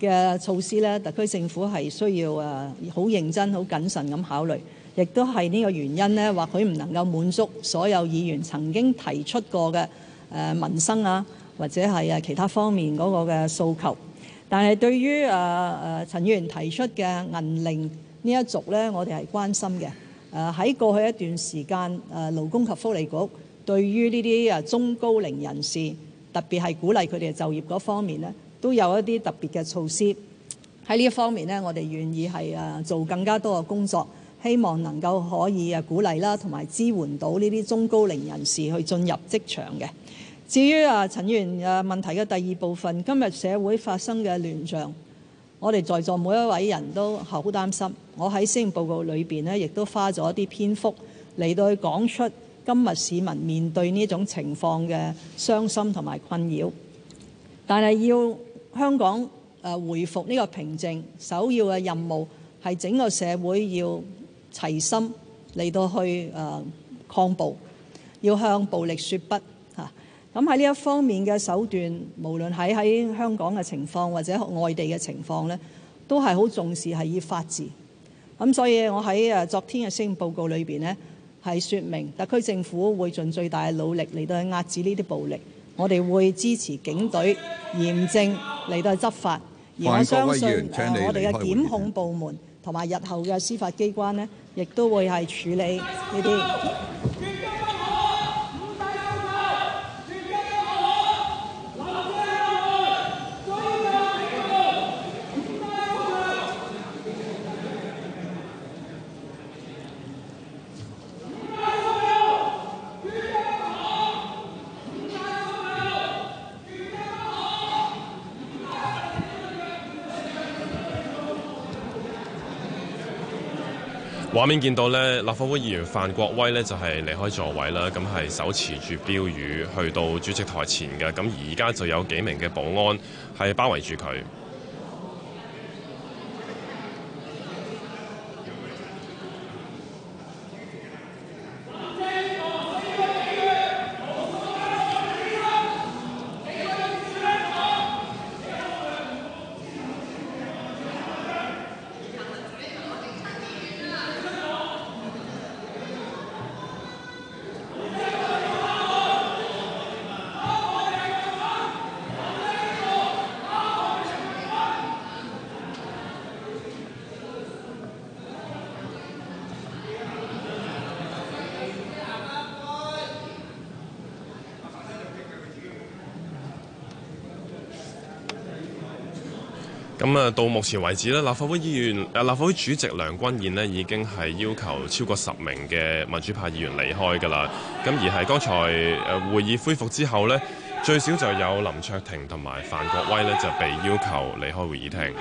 嘅措施呢，特區政府係需要誒好認真、好謹慎咁考慮。亦都係呢個原因呢，或許唔能夠滿足所有議員曾經提出過嘅誒民生啊。或者係誒其他方面嗰個嘅訴求，但係對於誒誒、呃、陳議員提出嘅銀齡呢一族呢，我哋係關心嘅。誒、呃、喺過去一段時間，誒、呃、勞工及福利局對於呢啲誒中高齡人士，特別係鼓勵佢哋嘅就業嗰方面呢，都有一啲特別嘅措施。喺呢一方面呢，我哋願意係誒做更加多嘅工作，希望能夠可以誒鼓勵啦，同埋支援到呢啲中高齡人士去進入職場嘅。至於啊，陳議員啊，問題嘅第二部分，今日社會發生嘅亂象，我哋在座每一位人都好擔心。我喺施政報告裏邊呢，亦都花咗一啲篇幅嚟到去講出今日市民面對呢種情況嘅傷心同埋困擾。但係要香港誒回復呢個平靜，首要嘅任務係整個社會要齊心嚟到去誒抗暴，要向暴力說不。咁喺呢一方面嘅手段，無論喺喺香港嘅情況或者外地嘅情況呢，都係好重視，係以法治。咁所以我喺誒昨天嘅聲明報告裏邊呢，係說明特區政府會盡最大嘅努力嚟到去遏止呢啲暴力。我哋會支持警隊嚴正嚟到去執法，而我相信誒我哋嘅檢控部門同埋日後嘅司法機關呢，亦都會係處理呢啲。畫面見到咧，立法會議員范國威咧就係離開座位啦，咁係手持住標語去到主席台前嘅，咁而家就有幾名嘅保安係包圍住佢。到目前為止咧，立法會議員、立法會主席梁君彥咧已經係要求超過十名嘅民主派議員離開㗎啦。咁而係剛才誒會議恢復之後咧，最少就有林卓廷同埋范國威咧就被要求離開會議廳。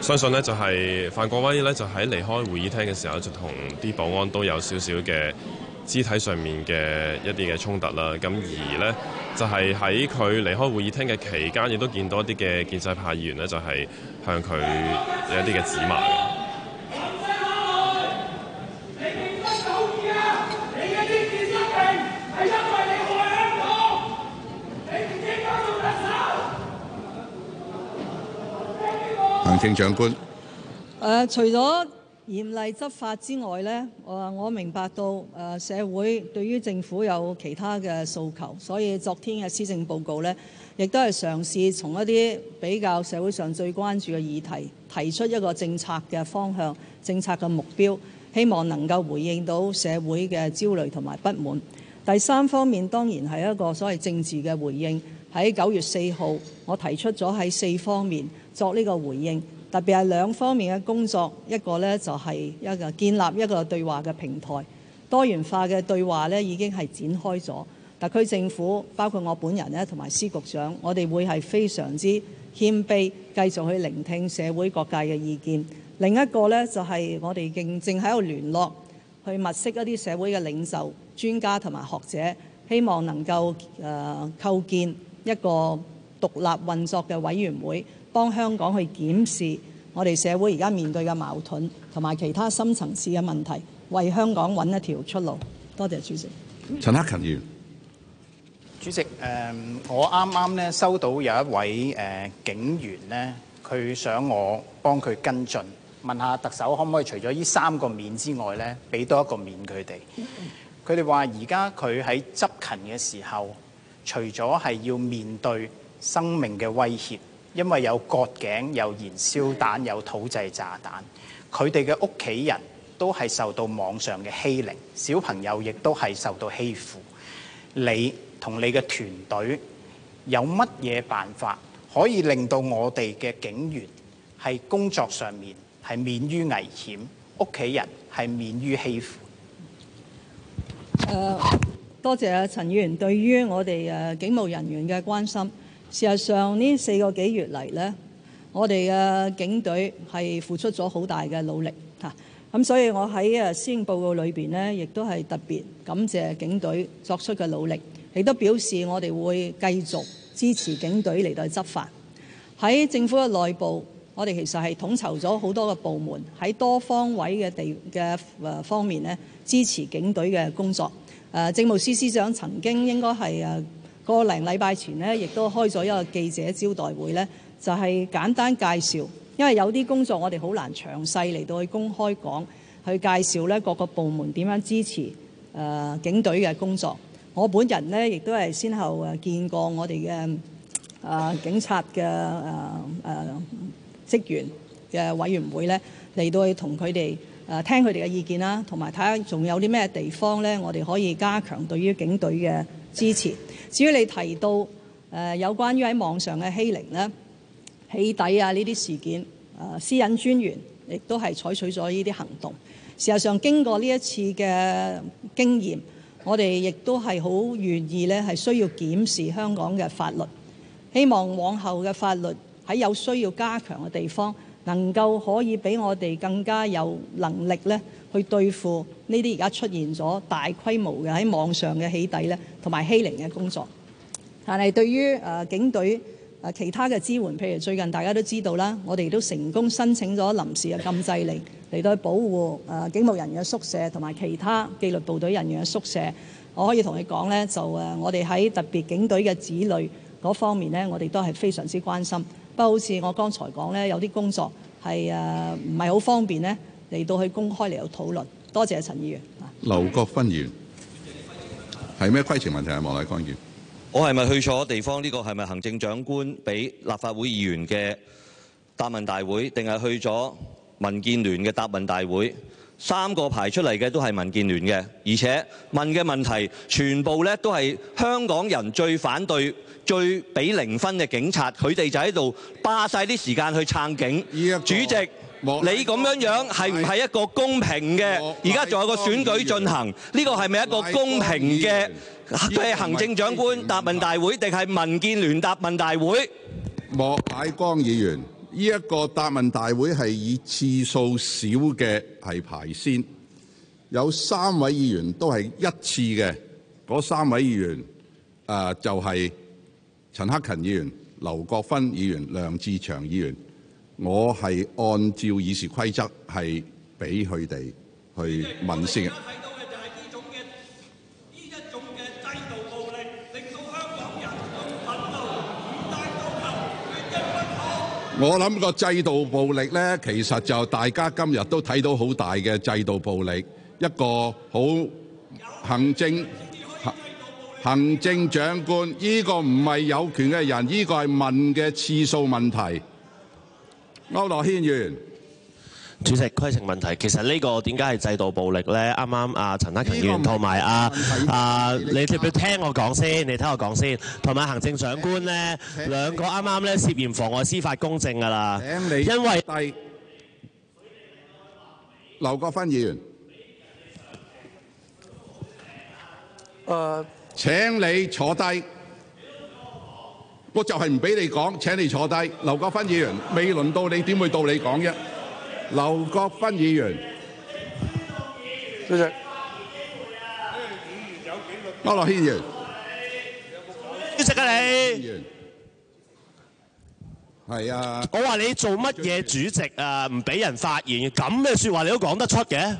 相信呢就係范國威呢就喺離開會議廳嘅時候就同啲保安都有少少嘅肢體上面嘅一啲嘅衝突啦，咁而呢就係喺佢離開會議廳嘅期間亦都見到一啲嘅建制派議員呢就係向佢有一啲嘅指罵。政長官，誒，除咗嚴厲執法之外咧，我我明白到誒社會對於政府有其他嘅訴求，所以昨天嘅施政報告咧，亦都係嘗試從一啲比較社會上最關注嘅議題，提出一個政策嘅方向、政策嘅目標，希望能夠回應到社會嘅焦慮同埋不滿。第三方面當然係一個所謂政治嘅回應，喺九月四號，我提出咗喺四方面，作呢個回應，特別係兩方面嘅工作，一個呢，就係一個建立一個對話嘅平台，多元化嘅對話呢已經係展開咗。特區政府包括我本人呢，同埋司局長，我哋會係非常之謙卑，繼續去聆聽社會各界嘅意見。另一個呢，就係我哋正正喺度聯絡去物色一啲社會嘅領袖、專家同埋學者，希望能夠誒、呃、構建一個獨立運作嘅委員會。幫香港去檢視我哋社會而家面對嘅矛盾，同埋其他深層次嘅問題，為香港揾一條出路。多謝主席。陳克勤議員。主席，我啱啱咧收到有一位誒警員咧，佢想我幫佢跟進，問下特首可唔可以除咗呢三個面之外咧，俾多一個面佢哋。佢哋話而家佢喺執勤嘅時候，除咗係要面對生命嘅威脅。因為有割頸、有燃燒彈、有土製炸彈，佢哋嘅屋企人都係受到網上嘅欺凌，小朋友亦都係受到欺負。你同你嘅團隊有乜嘢辦法可以令到我哋嘅警員喺工作上面係免於危險，屋企人係免於欺負？Uh, 多謝阿陳議員對於我哋誒警務人員嘅關心。事實上，呢四個幾月嚟呢，我哋嘅警隊係付出咗好大嘅努力嚇，咁所以我喺誒施政報告裏邊呢，亦都係特別感謝警隊作出嘅努力。亦都表示我哋會繼續支持警隊嚟到執法。喺政府嘅內部，我哋其實係統籌咗好多嘅部門喺多方位嘅地嘅誒方面咧，支持警隊嘅工作。誒，政務司司長曾經應該係誒。個零禮拜前呢，亦都開咗一個記者招待會呢，就係簡單介紹，因為有啲工作我哋好難詳細嚟到去公開講，去介紹呢各個部門點樣支持誒警隊嘅工作。我本人呢，亦都係先後誒見過我哋嘅啊警察嘅誒誒職員嘅委員會呢，嚟到去同佢哋誒聽佢哋嘅意見啦，同埋睇下仲有啲咩地方呢，我哋可以加強對於警隊嘅。支持。至於你提到誒有關於喺網上嘅欺凌咧、起底啊呢啲事件，誒私隱專員亦都係採取咗呢啲行動。事實上，經過呢一次嘅經驗，我哋亦都係好願意咧，係需要檢視香港嘅法律。希望往後嘅法律喺有需要加強嘅地方，能夠可以俾我哋更加有能力咧。去對付呢啲而家出現咗大規模嘅喺網上嘅起底呢，同埋欺凌嘅工作。但係對於誒警隊誒其他嘅支援，譬如最近大家都知道啦，我哋都成功申請咗臨時嘅禁制令嚟到去保護誒警務人員嘅宿舍同埋其他紀律部隊人員嘅宿舍。我可以同你講呢，就誒我哋喺特別警隊嘅子女嗰方面呢，我哋都係非常之關心。不過好似我剛才講呢，有啲工作係誒唔係好方便呢，嚟到去公開嚟到討論，多謝陳議員。劉國勳議員係咩規程問題？係莫乃光議員，我係咪去錯地方？呢、這個係咪行政長官俾立法會議員嘅答問大會，定係去咗民建聯嘅答問大會？三個排出嚟嘅都係民建聯嘅，而且問嘅問題全部呢都係香港人最反對、最俾零分嘅警察，佢哋就喺度霸晒啲時間去撐警。這個、主席。你咁樣樣係唔係一個公平嘅？而家仲有個選舉進行，呢個係咪一個公平嘅，係行政長官答問大會，定係民建聯答，答問大會？莫乃光議員，呢、這、一個答問大會係以次數少嘅係排先，有三位議員都係一次嘅，嗰三位議員啊、呃、就係、是、陳克勤議員、劉國勳議員、梁志祥議員。我係按照議事規則，係俾佢哋去問先嘅。我睇到嘅就係呢種嘅制度暴力，令到香港人，我諗個制度暴力咧，其實就大家今日都睇到好大嘅制度暴力。一個好行政行政長官，呢個唔係有權嘅人，呢個係問嘅次數問題。歐樂軒議員，主席規程問題，其實呢個點解係制度暴力咧？啱啱啊，陳德勤議員同埋啊啊，啊，你要唔接聽我講先？你聽我講先，同埋行政長官咧，兩個啱啱咧涉嫌妨礙司法公正噶啦，請你因為劉國芬議員，誒、呃，請你坐低。我就係唔俾你講，請你坐低，劉國芬議員未輪到你，點會到你講啫？劉國芬議員，主席，我落先嘅，主席佢嚟，係啊，我話你做乜嘢主席啊？唔俾人發言，咁嘅説話你都講得出嘅，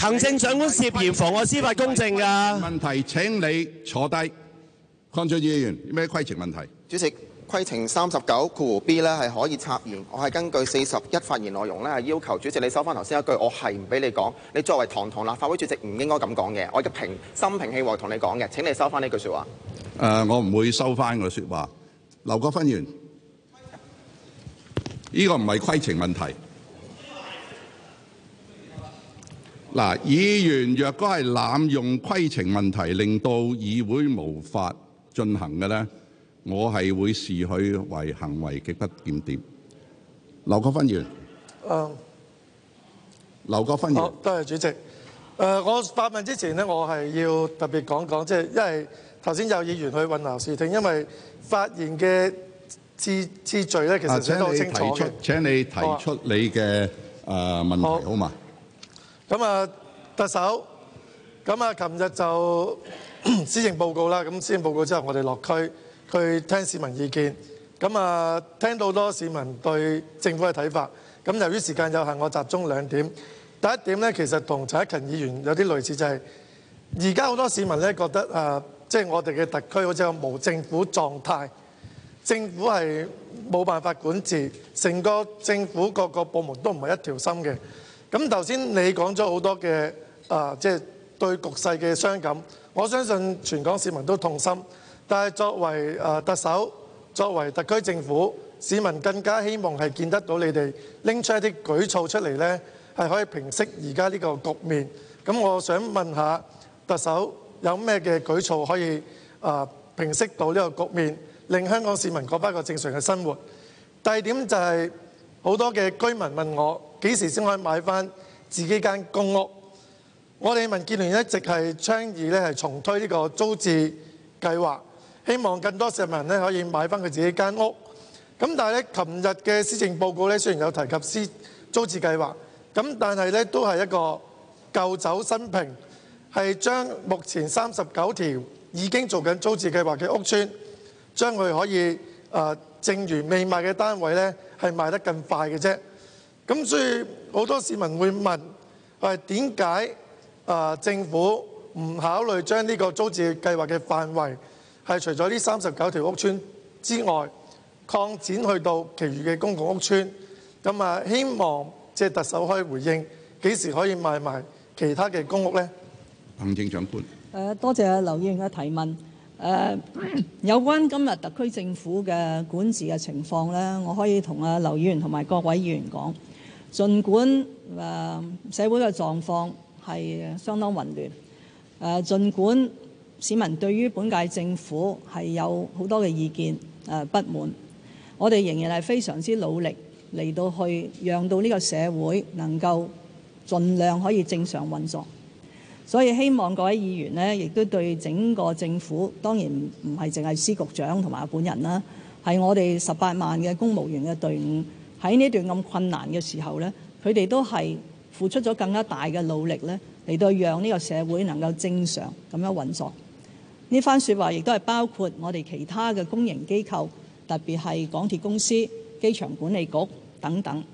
行政長官涉嫌妨礙司法公正㗎，問題請你坐低。康俊議員，咩規程問題？主席，規程三十九，故 B 咧係可以插言。我係根據四十一發言內容咧，係要求主席你收翻頭先一句，我係唔俾你講。你作為堂堂立法會主席，唔應該咁講嘅。我就平心平氣和同你講嘅，請你收翻呢句説話。誒，我唔會收翻個説話。劉國芬議員，呢個唔係規程問題。嗱，議員若果係濫用規程問題，令到議會無法。進行嘅咧，我係會視佢為行為極不檢點。劉國勳議員，誒、嗯，劉國勳議員、哦，多謝主席。誒、呃，我發問之前咧，我係要特別講講，即係因為頭先有議員去混淆視聽，因為發言嘅之之序咧，序其實相當清楚，請你提出，請你提出、啊、你嘅誒問題好嘛？咁啊嗎，特首，咁啊，琴日就。施政 報告啦，咁施政報告之後我們下，我哋落區去聽市民意見。咁啊，聽到多市民對政府嘅睇法。咁由於時間有限，我集中兩點。第一點咧，其實同陳一勤議員有啲類似，就係而家好多市民咧覺得啊，即係我哋嘅特區好似係無政府狀態，政府係冇辦法管治，成個政府各個部門都唔係一條心嘅。咁頭先你講咗好多嘅啊，即係對局勢嘅傷感。我相信全港市民都痛心，但係作為誒特首，作為特區政府，市民更加希望係見得到你哋拎出一啲舉措出嚟咧，係可以平息而家呢個局面。咁我想問下特首，有咩嘅舉措可以誒、呃、平息到呢個局面，令香港市民過翻個正常嘅生活？第二點就係、是、好多嘅居民問我，幾時先可以買翻自己間公屋？我哋民建聯一直係倡議咧，係重推呢個租置計劃，希望更多市民咧可以買返佢自己間屋。咁但係咧，琴日嘅施政報告咧，雖然有提及私租置計劃，咁但係咧都係一個舊酒新瓶，係將目前三十九條已經做緊租置計劃嘅屋邨，將佢可以啊，剩餘未賣嘅單位咧係賣得更快嘅啫。咁所以好多市民會問：係點解？啊，政府唔考慮將呢個租置計劃嘅範圍係除咗呢三十九條屋村之外擴展去到其餘嘅公共屋村咁啊。希望即係特首可以回應幾時可以賣埋其他嘅公屋呢？行政長官誒，多謝啊，劉議員嘅提問。誒，有關今日特區政府嘅管治嘅情況咧，我可以同啊劉議員同埋各位議員講，儘管誒社會嘅狀況係相當混亂。誒，儘管市民對於本屆政府係有好多嘅意見，誒不滿，我哋仍然係非常之努力嚟到去讓到呢個社會能夠盡量可以正常運作。所以希望各位議員呢，亦都對整個政府，當然唔係淨係司局長同埋本人啦，係我哋十八萬嘅公務員嘅隊伍喺呢段咁困難嘅時候呢，佢哋都係。付出咗更加大嘅努力咧，嚟到讓呢個社會能夠正常咁樣運作。呢番說話亦都係包括我哋其他嘅公營機構，特別係港鐵公司、機場管理局等等。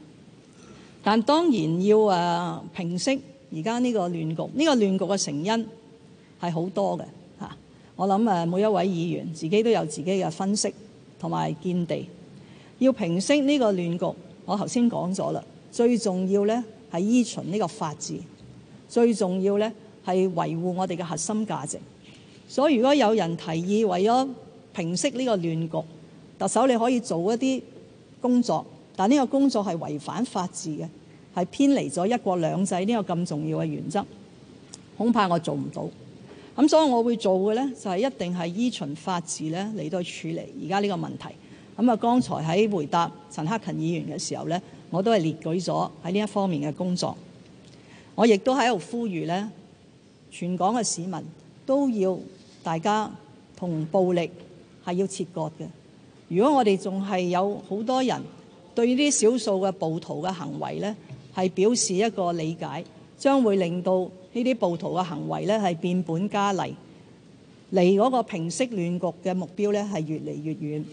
但當然要啊平息而家呢個亂局。呢個亂局嘅成因係好多嘅嚇。我諗誒，每一位議員自己都有自己嘅分析同埋見地。要平息呢個亂局，我頭先講咗啦，最重要呢。係依循呢個法治，最重要呢係維護我哋嘅核心價值。所以如果有人提議為咗平息呢個亂局，特首你可以做一啲工作，但呢個工作係違反法治嘅，係偏離咗一國兩制呢個咁重要嘅原則，恐怕我做唔到。咁所以我會做嘅呢就係一定係依循法治呢嚟到處理而家呢個問題。咁啊，剛才喺回答陳克勤議員嘅時候呢。我都係列舉咗喺呢一方面嘅工作，我亦都喺度呼籲呢，全港嘅市民都要大家同暴力係要切割嘅。如果我哋仲係有好多人對呢啲少數嘅暴徒嘅行為呢係表示一個理解，將會令到呢啲暴徒嘅行為呢係變本加厲，離嗰個平息亂局嘅目標呢係越嚟越遠。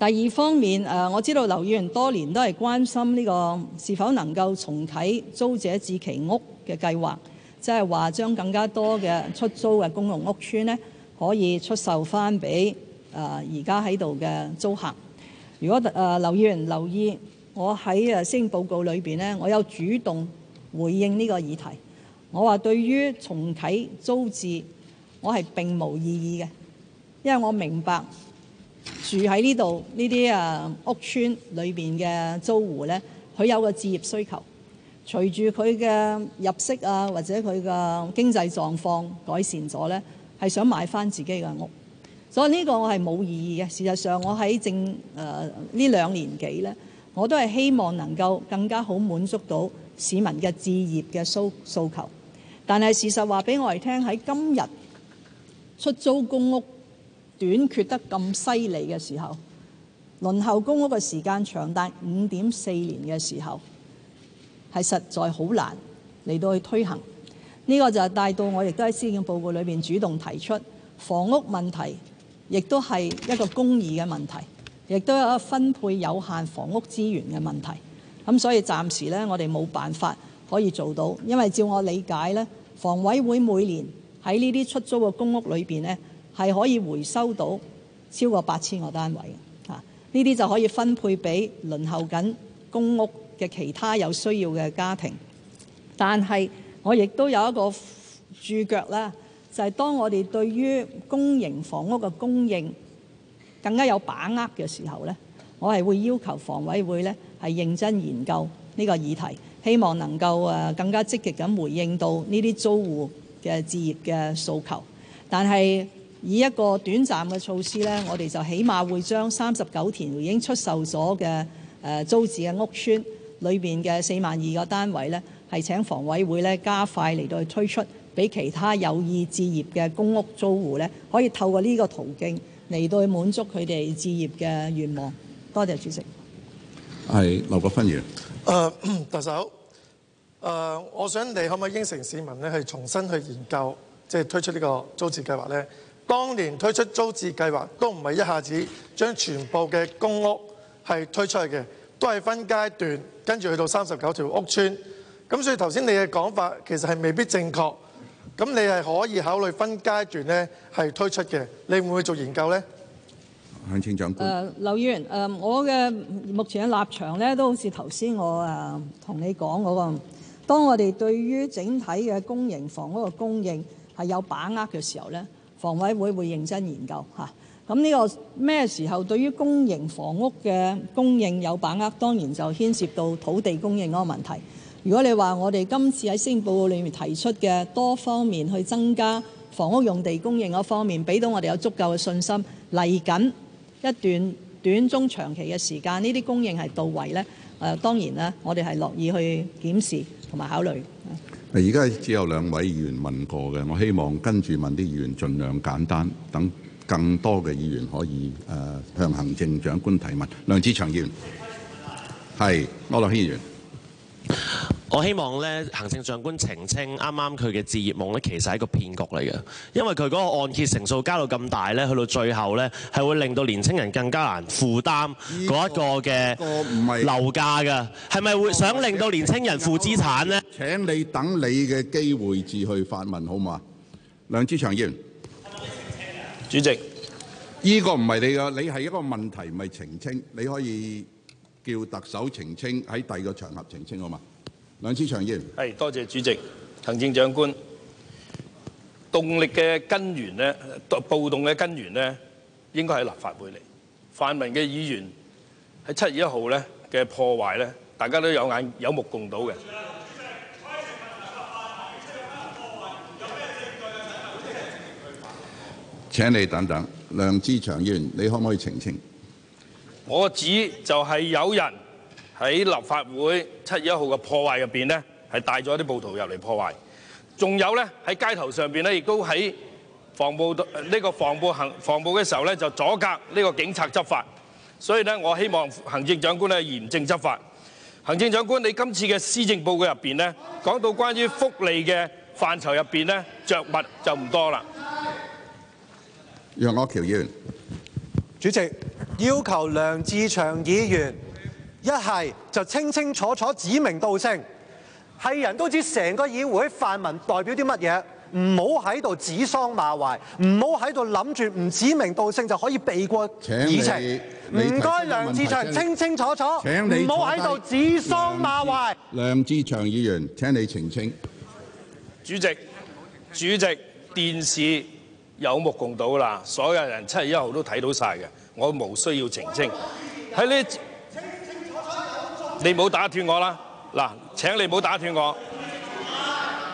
第二方面，誒我知道劉議員多年都係關心呢個是否能夠重啟租者置其屋嘅計劃，即係話將更加多嘅出租嘅公共屋邨呢可以出售翻俾誒而家喺度嘅租客。如果誒劉議員留意，我喺誒施政報告裏邊呢，我有主動回應呢個議題。我話對於重啟租置，我係並無異議嘅，因為我明白。住喺呢度呢啲啊屋村裏邊嘅租戶咧，佢有個置業需求。隨住佢嘅入息啊，或者佢嘅經濟狀況改善咗咧，係想買翻自己嘅屋。所以呢個我係冇異議嘅。事實上，我喺正誒呢兩年幾咧，我都係希望能夠更加好滿足到市民嘅置業嘅訴訴求。但係事實話俾我哋聽，喺今日出租公屋。短缺得咁犀利嘅時候，輪候公屋嘅時間長達五點四年嘅時候，係實在好難嚟到去推行。呢個就係帶到我亦都喺施政報告裏面主動提出，房屋問題亦都係一個公義嘅問題，亦都有一個分配有限房屋資源嘅問題。咁所以暫時咧，我哋冇辦法可以做到，因為照我理解咧，房委會每年喺呢啲出租嘅公屋裏邊咧。係可以回收到超過八千個單位嘅，呢啲就可以分配俾輪候緊公屋嘅其他有需要嘅家庭。但係我亦都有一個注腳啦，就係、是、當我哋對於公營房屋嘅供應更加有把握嘅時候，呢我係會要求房委會呢係認真研究呢個議題，希望能夠誒更加積極咁回應到呢啲租戶嘅置業嘅訴求。但係。以一個短暫嘅措施咧，我哋就起碼會將三十九田已經出售咗嘅誒租置嘅屋邨裏邊嘅四萬二個單位咧，係請房委會咧加快嚟到去推出，俾其他有意置業嘅公屋租戶咧，可以透過呢個途徑嚟到去滿足佢哋置業嘅願望。多謝主席。係劉國芬議員。特首，家咳咳、呃、我想你可唔可以應承市民咧，係重新去研究，即係推出呢個租置計劃咧？當年推出租置計劃，都唔係一下子將全部嘅公屋係推出去嘅，都係分階段跟住去到三十九條屋邨。咁所以頭先你嘅講法其實係未必正確。咁你係可以考慮分階段咧係推出嘅。你會唔會做研究呢？行政長官、呃，誒劉議員我嘅目前嘅立場咧，都好似頭先我誒同你講嗰個。當我哋對於整體嘅公營房嗰個供應係有把握嘅時候呢。房委會會認真研究嚇，咁、啊、呢個咩時候對於公營房屋嘅供應有把握，當然就牽涉到土地供應嗰個問題。如果你話我哋今次喺施政報告裏面提出嘅多方面去增加房屋用地供應嗰方面，俾到我哋有足夠嘅信心，嚟緊一段短中長期嘅時間，呢啲供應係到位呢？誒、啊，當然啦，我哋係樂意去檢視同埋考慮。而家只有兩位議員問過嘅，我希望跟住問啲議員，盡量簡單，等更多嘅議員可以誒、呃、向行政長官提問。梁志祥議員，係區諾軒議員。我希望咧，行政長官澄清，啱啱佢嘅置業夢咧，其實係一個騙局嚟嘅，因為佢嗰個按揭成數加到咁大咧，去到最後咧，係會令到年輕人更加難負擔嗰一個嘅樓價㗎。係咪會想令到年輕人負資產咧？請你等你嘅機會至去發問好嗎？梁志祥議員，主席，呢個唔係你嘅，你係一個問題，唔係澄清。你可以叫特首澄清喺第二個場合澄清好嗎？梁志祥議員，多謝主席，行政長官，動力嘅根源，暴動嘅根源咧，應該喺立法會嚟。泛民嘅議員喺七月一號咧嘅破壞，大家都有眼有目共睹嘅。請你等等，梁志祥議員，你可唔可以澄清？我指就係有人。喺立法會七月一號嘅破壞入邊咧，係帶咗啲暴徒入嚟破壞，仲有咧喺街頭上邊咧，亦都喺防暴呢個防暴行防暴嘅時候咧，就阻隔呢個警察執法。所以咧，我希望行政長官咧嚴正執法。行政長官，你今次嘅施政報告入邊咧，講到關於福利嘅範疇入邊咧，着物就唔多啦。楊岳橋議員，主席要求梁志祥議員。一係就清清楚楚指名道姓，係人都知成個議會泛民代表啲乜嘢，唔好喺度指桑罵槐，唔好喺度諗住唔指名道姓就可以避過議程。唔該，梁志祥，清清楚楚，請你唔好喺度指桑罵槐。梁志祥議員，請你澄清。主席，主席，電視有目共睹啦，所有人七月一號都睇到晒嘅，我無需要澄清喺呢。你唔好打斷我啦，嗱，請你唔好打斷我，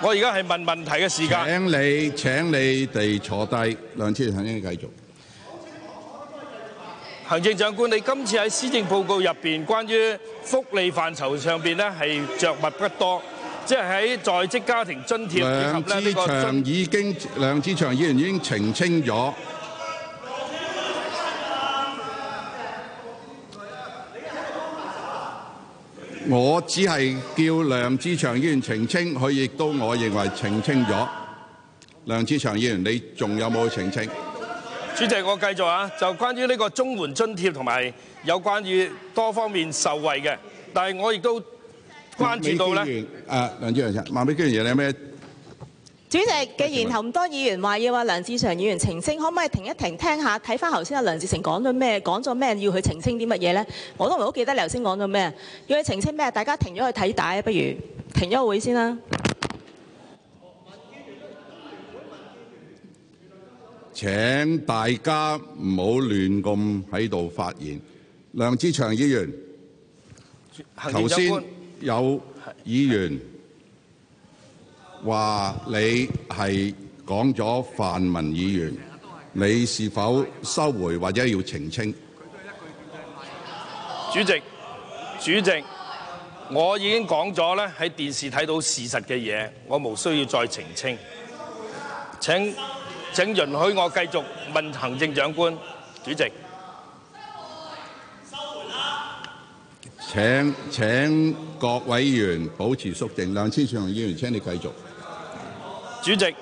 我而家係問問題嘅時間。請你請你哋坐低，梁志祥已經繼續。行政長官，你今次喺施政報告入邊，關於福利範疇上邊咧，係著墨不多，即係喺在職家庭津貼。梁志祥已經，梁志祥議員已經澄清咗。我只係叫梁志祥議員澄清，佢亦都我認為澄清咗。梁志祥議員，你仲有冇澄清？主席，我繼續啊，就關於呢個綜援津貼同埋有，有關於多方面受惠嘅，但係我亦都關注到咧。啊，梁志祥，麥美娟議員，你有咩？主席，既然咁多議員話要話梁志祥議員澄清，可唔可以停一停聽一，聽下睇翻頭先阿梁志成講咗咩，講咗咩要去澄清啲乜嘢咧？我都唔好記得你頭先講咗咩，要去澄清咩？大家停咗去睇帶，不如停咗會先啦。請大家唔好亂咁喺度發言，梁志祥議員，頭先恒有議員。話你係講咗泛民議員，你是否收回或者要澄清？主席，主席，我已經講咗咧，喺電視睇到事實嘅嘢，我無需要再澄清。請請容許我繼續問行政長官，主席。收門請請各委員保持肅靜。梁千琦議員，請你繼續。主席，誒、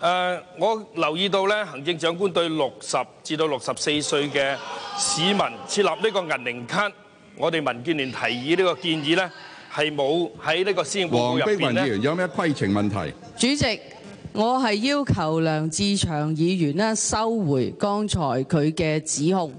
呃，我留意到咧，行政長官對六十至到六十四歲嘅市民設立呢個銀齡卡，我哋民建聯提議呢個建議呢，係冇喺呢個先例入邊咧。黃碧雲議員，有咩規程問題？主席，我係要求梁志祥議員咧收回剛才佢嘅指控，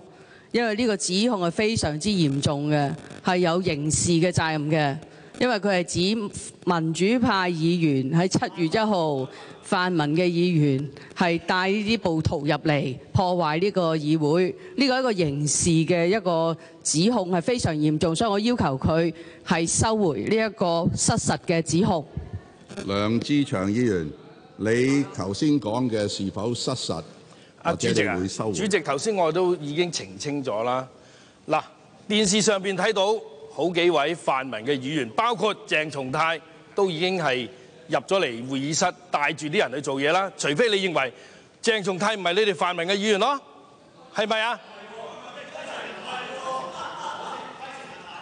因為呢個指控係非常之嚴重嘅，係有刑事嘅責任嘅。因為佢係指民主派議員喺七月一號，泛民嘅議員係帶呢啲暴徒入嚟破壞呢個議會，呢個一個刑事嘅一個指控係非常嚴重，所以我要求佢係收回呢一個失實嘅指控。梁志祥議員，你頭先講嘅是否失實？阿主席啊，會收回？主席，頭先我都已經澄清咗啦。嗱，電視上邊睇到。好幾位泛民嘅議員，包括鄭松泰，都已經係入咗嚟會議室，帶住啲人去做嘢啦。除非你認為鄭松泰唔係你哋泛民嘅議員咯，係咪啊？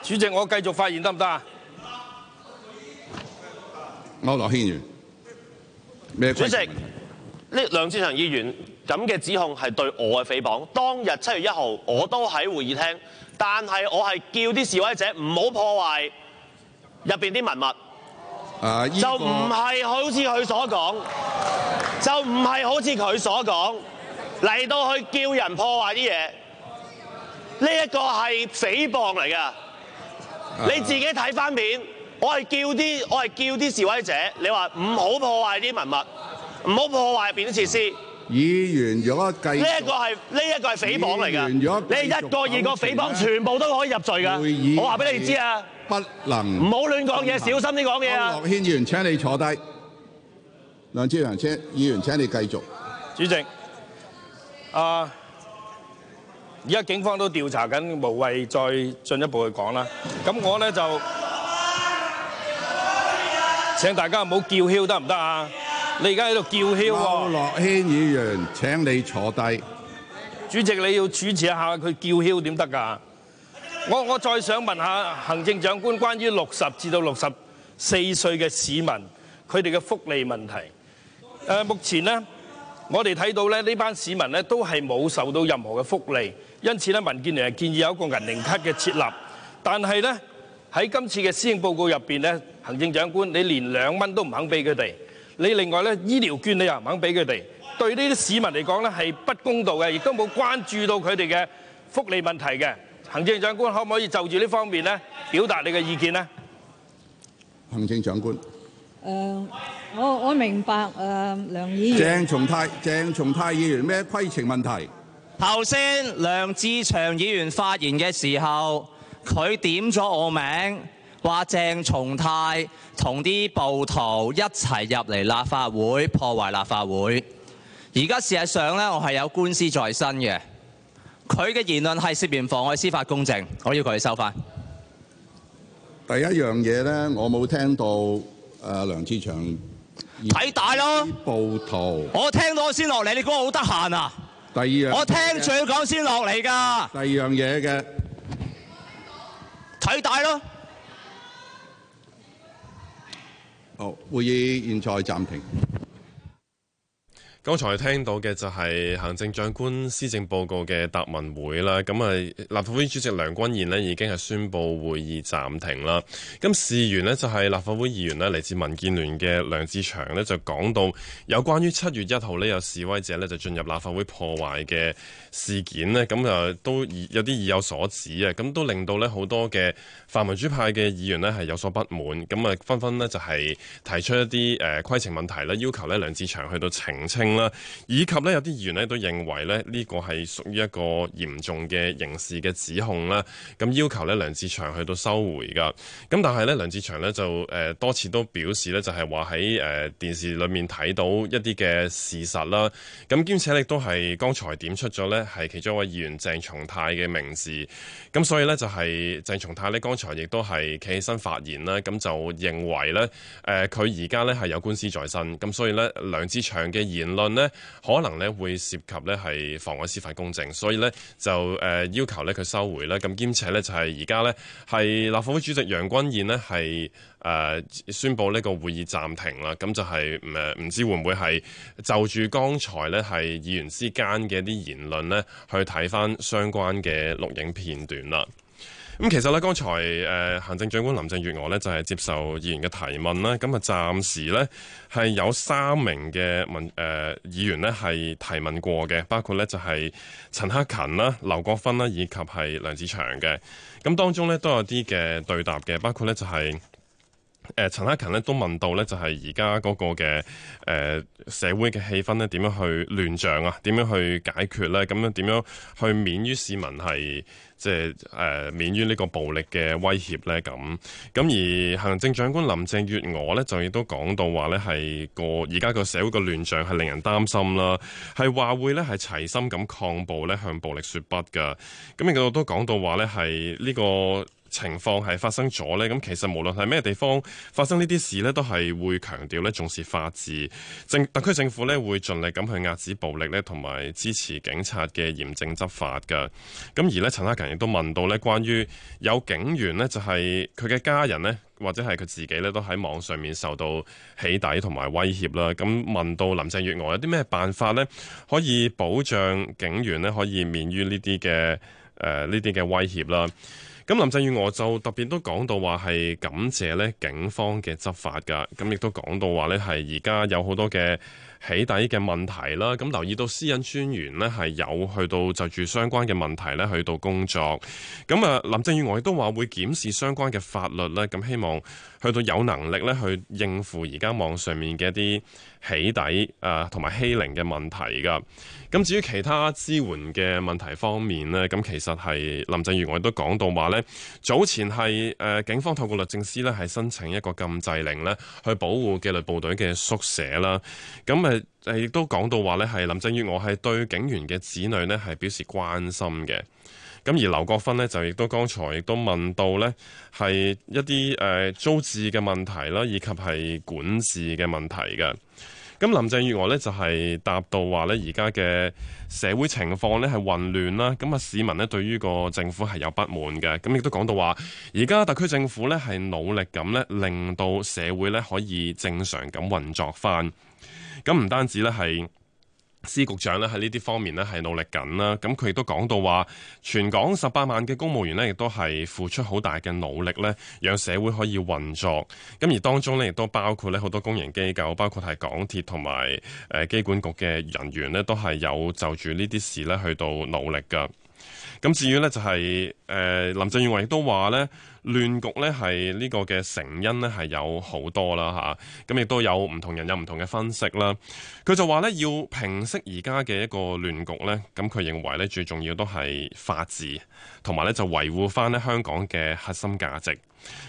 主席，我繼續發言得唔得啊？歐樂軒議員，主席，呢梁志祥議員咁嘅指控係對我嘅誹謗。當日七月一號，我都喺會議廳。但係我係叫啲示威者唔好破壞入邊啲文物。啊、就唔係好似佢所講，啊、就唔係好似佢所講嚟到去叫人破壞啲嘢，呢、這、一個係誹謗嚟嘅。啊、你自己睇翻面，我係叫啲我係叫啲示威者，你話唔好破壞啲文物，唔好破壞入邊啲設施。啊啊議員如果繼續，呢一個係呢一個係誹謗嚟㗎。你一個二個誹謗，全部都可以入罪㗎。會議我話俾你知啊，不能。唔好亂講嘢，小心啲講嘢啊！樂軒議員請你坐低，梁志祥議員請你繼續。主席，啊，而家警方都調查緊，無謂再進一步去講啦。咁我咧就請大家唔好叫囂得唔得啊？你而家喺度叫囂喎！劉樂軒議員，請你坐低。主席，你要主持一下佢叫囂點得㗎？我我再想問下行政長官，關於六十至到六十四歲嘅市民，佢哋嘅福利問題。誒，目前呢，我哋睇到咧呢班市民咧都係冇受到任何嘅福利，因此咧，民建聯係建議有一個銀齡卡嘅設立，但係咧喺今次嘅施政報告入邊咧，行政長官你連兩蚊都唔肯俾佢哋。你另外咧醫療券你又唔肯俾佢哋，對呢啲市民嚟講咧係不公道嘅，亦都冇關注到佢哋嘅福利問題嘅。行政長官可唔可以就住呢方面咧表達你嘅意見咧？行政長官，誒、呃，我我明白誒、呃，梁議員。鄭松泰，鄭松泰議員咩規程問題？頭先梁志祥議員發言嘅時候，佢點咗我名。話鄭松泰同啲暴徒一齊入嚟立法會破壞立法會，而家事實上咧，我係有官司在身嘅。佢嘅言論係涉嫌妨礙司法公正，我要佢收翻。第一樣嘢咧，我冇聽到。呃、梁志祥睇大咯，暴徒。我聽到先落嚟，你估我好得閒啊？第二樣，我聽住講先落嚟㗎。第二樣嘢嘅睇大咯。好，會議現在暫停。剛才聽到嘅就係行政長官施政報告嘅答問會啦，咁啊立法會主席梁君彥咧已經係宣布會議暫停啦。咁事緣呢，就係立法會議員咧嚟自民建聯嘅梁志祥呢，就講到有關於七月一號咧有示威者咧就進入立法會破壞嘅事件呢，咁啊都有啲意有所指啊，咁都令到咧好多嘅泛民主派嘅議員咧係有所不滿，咁啊紛紛呢，就係提出一啲誒規程問題咧，要求呢梁志祥去到澄清。啦，以及呢，有啲議員呢都認為咧呢個係屬於一個嚴重嘅刑事嘅指控啦，咁要求呢梁志祥去到收回噶。咁但係呢，梁志祥呢就誒多次都表示呢，就係話喺誒電視裏面睇到一啲嘅事實啦。咁兼且亦都係剛才點出咗呢係其中一位議員鄭松泰嘅名字。咁所以呢，就係鄭松泰呢剛才亦都係企起身發言啦。咁就認為呢，誒佢而家呢係有官司在身。咁所以呢，梁志祥嘅演論咧可能咧會涉及咧係妨礙司法公正，所以咧就誒要求咧佢收回啦。咁兼且咧就係而家咧係立法會主席楊君彥咧係誒宣布呢個會議暫停啦。咁就係唔誒唔知會唔會係就住剛才咧係議員之間嘅啲言論咧去睇翻相關嘅錄影片段啦。咁其實咧，剛才誒行政長官林鄭月娥咧就係接受議員嘅提問啦。咁啊，暫時咧係有三名嘅民誒議員咧係提問過嘅，包括咧就係陳克勤啦、劉國勳啦，以及係梁志祥嘅。咁當中咧都有啲嘅對答嘅，包括咧就係、是。誒、呃、陳克勤咧都問到咧，就係而家嗰個嘅誒、呃、社會嘅氣氛咧，點樣去亂象啊？點樣去解決咧？咁樣點樣去免於市民係即係誒免於呢個暴力嘅威脅咧？咁咁而行政長官林鄭月娥咧，就亦都講到話咧，係個而家個社會嘅亂象係令人擔心啦，係話會咧係齊心咁抗暴咧，向暴力說不㗎。咁亦都講到話咧，係呢個。情況係發生咗呢。咁其實無論係咩地方發生呢啲事呢，都係會強調呢，重視法治。政特區政府呢，會盡力咁去壓止暴力呢，同埋支持警察嘅嚴正執法嘅。咁而呢，陳克勤亦都問到呢，關於有警員呢，就係佢嘅家人呢，或者係佢自己呢，都喺網上面受到起底同埋威脅啦。咁問到林鄭月娥有啲咩辦法呢？可以保障警員呢，可以免於呢啲嘅誒呢啲嘅威脅啦？咁林鄭月娥就特別都講到話係感謝咧警方嘅執法㗎，咁亦都講到話咧係而家有好多嘅。起底嘅問題啦，咁留意到私隱專員呢，係有去到就住相關嘅問題呢，去到工作，咁啊林鄭月娥亦都話會檢視相關嘅法律啦。咁希望去到有能力呢，去應付而家網上面嘅一啲起底啊同埋欺凌嘅問題噶。咁至於其他支援嘅問題方面呢，咁其實係林鄭月娥亦都講到話呢，早前係誒警方透過律政司呢，係申請一個禁制令呢，去保護紀律部隊嘅宿舍啦，咁亦都講到話咧，係林鄭月娥係對警員嘅子女呢係表示關心嘅。咁而劉國芬呢，就亦都剛才亦都問到呢係一啲誒租置嘅問題啦，以及係管治嘅問題嘅。咁林鄭月娥呢，就係答到話呢而家嘅社會情況呢係混亂啦。咁啊市民咧對於個政府係有不滿嘅。咁亦都講到話，而家特區政府呢係努力咁呢，令到社會呢可以正常咁運作返。咁唔單止呢，係司局長呢喺呢啲方面呢係努力緊啦。咁佢亦都講到話，全港十八萬嘅公務員呢，亦都係付出好大嘅努力呢，讓社會可以運作。咁而當中呢，亦都包括呢好多公營機構，包括係港鐵同埋誒機管局嘅人員呢，都係有就住呢啲事呢去到努力㗎。咁至於呢，就係誒林鄭月娥亦都話呢。亂局呢係呢個嘅成因呢係有好多啦吓，咁亦都有唔同人有唔同嘅分析啦。佢就話呢要平息而家嘅一個亂局呢，咁佢認為呢最重要都係法治，同埋呢就維護翻呢香港嘅核心價值。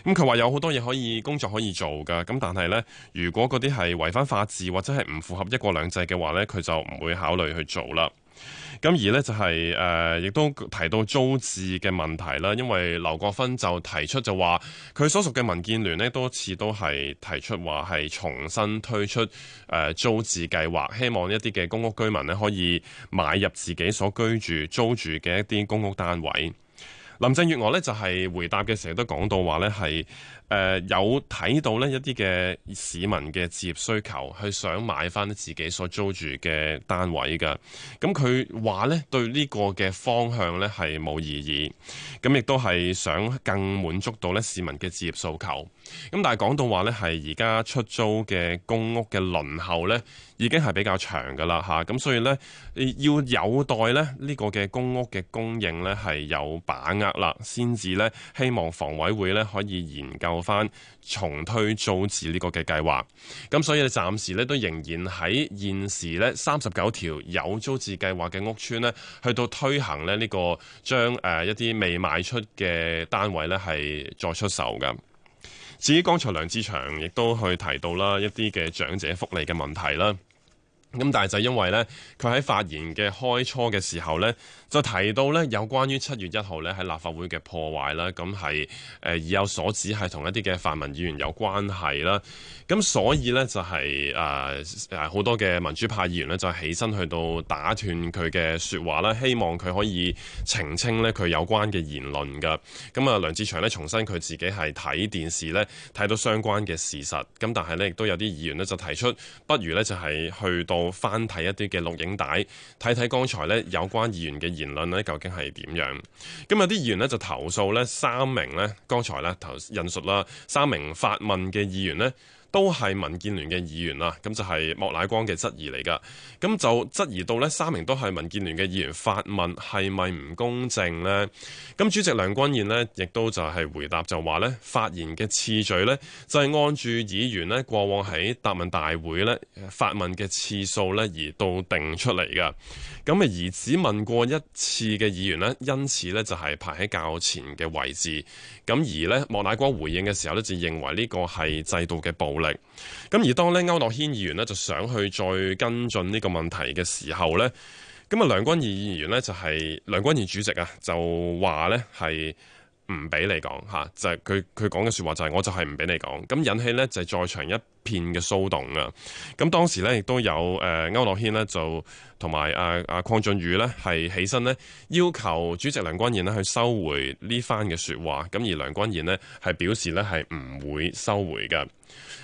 咁佢話有好多嘢可以工作可以做噶，咁但係呢，如果嗰啲係違反法治或者係唔符合一國兩制嘅話呢，佢就唔會考慮去做啦。咁而呢就係、是、誒、呃，亦都提到租置嘅問題啦。因為劉國芬就提出就話，佢所屬嘅民建聯呢，多次都係提出話係重新推出誒、呃、租置計劃，希望一啲嘅公屋居民呢可以買入自己所居住租住嘅一啲公屋單位。林鄭月娥呢，就係、是、回答嘅時候都講到話呢係。誒、呃、有睇到呢一啲嘅市民嘅置業需求，去想買翻自己所租住嘅單位㗎。咁佢話呢對呢個嘅方向呢係冇異議，咁亦都係想更滿足到呢市民嘅置業訴求。咁但係講到話呢係而家出租嘅公屋嘅輪候呢已經係比較長㗎啦，吓，咁所以呢，要有待呢呢個嘅公屋嘅供應呢係有把握啦，先至呢，希望房委會呢可以研究。翻重推租置呢個嘅計劃，咁所以暫時咧都仍然喺現時咧三十九條有租置計劃嘅屋邨，咧去到推行咧呢、呢個將誒、呃、一啲未賣出嘅單位咧係再出售㗎。至於剛才梁志祥亦都去提到啦一啲嘅長者福利嘅問題啦。咁但係就因為咧，佢喺發言嘅開初嘅時候咧，就提到咧有關於七月一號咧喺立法會嘅破壞啦，咁係誒意有所指，係同一啲嘅泛民議員有關係啦。咁所以咧就係誒誒好多嘅民主派議員咧就起身去到打斷佢嘅說話啦，希望佢可以澄清咧佢有關嘅言論，噶。咁啊梁志祥咧重申佢自己係睇電視咧睇到相關嘅事實，咁但係咧亦都有啲議員咧就提出，不如咧就係去到。翻睇一啲嘅錄影帶，睇睇剛才咧有關議員嘅言論咧，究竟係點樣？咁有啲議員咧就投訴咧，三名咧剛才咧投引述啦，三名發問嘅議員咧。都係民建聯嘅議員啦，咁就係莫乃光嘅質疑嚟㗎，咁就質疑到呢三名都係民建聯嘅議員發問係咪唔公正呢？咁主席梁君彥呢，亦都就係回答就話呢發言嘅次序呢，就係按住議員呢過往喺答問大會呢發問嘅次數呢而到定出嚟㗎，咁啊而只問過一次嘅議員呢，因此呢就係排喺較前嘅位置，咁而呢，莫乃光回應嘅時候呢就認為呢個係制度嘅暴力。力，咁而當咧歐諾軒議員就想去再跟進呢個問題嘅時候呢，咁啊梁君儀議員呢、就是，就係梁君儀主席啊，就話呢係唔俾你講吓，就係佢佢講嘅說的話就係我就係唔俾你講，咁引起呢，就係在場一。片嘅騷動啊！咁當時呢亦都有誒、呃、歐樂軒呢，就同埋誒阿鄺俊宇呢，係起身呢要求主席梁君彥呢去收回呢番嘅説話。咁而梁君彥呢，係表示呢係唔會收回嘅。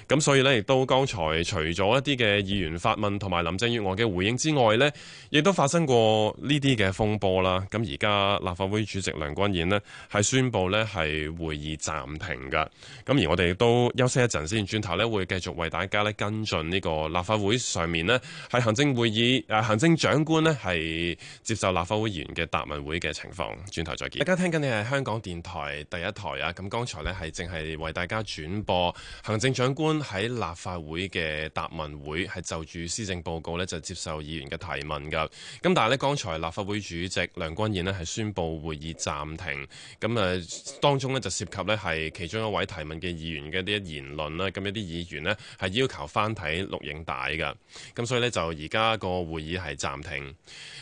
咁所以呢，亦都剛才除咗一啲嘅議員發問同埋林鄭月娥嘅回應之外呢，亦都發生過呢啲嘅風波啦。咁而家立法會主席梁君彥呢，係宣布呢係會議暫停嘅。咁而我哋亦都休息一陣先，轉頭呢，會繼續。為大家咧跟進呢個立法會上面呢係行政會議，行政長官呢係接受立法會議員嘅答問會嘅情況。轉頭再見，大家聽緊，你係香港電台第一台啊！咁剛才呢係正係為大家轉播行政長官喺立法會嘅答問會，係就住施政報告呢就接受議員嘅提問㗎。咁但係呢，剛才立法會主席梁君彥呢係宣布會議暫停。咁誒，當中呢就涉及呢係其中一位提問嘅議員嘅一啲言論啦。咁一啲議員呢，係要求翻睇錄影帶噶，咁所以呢，就而家個會議係暫停。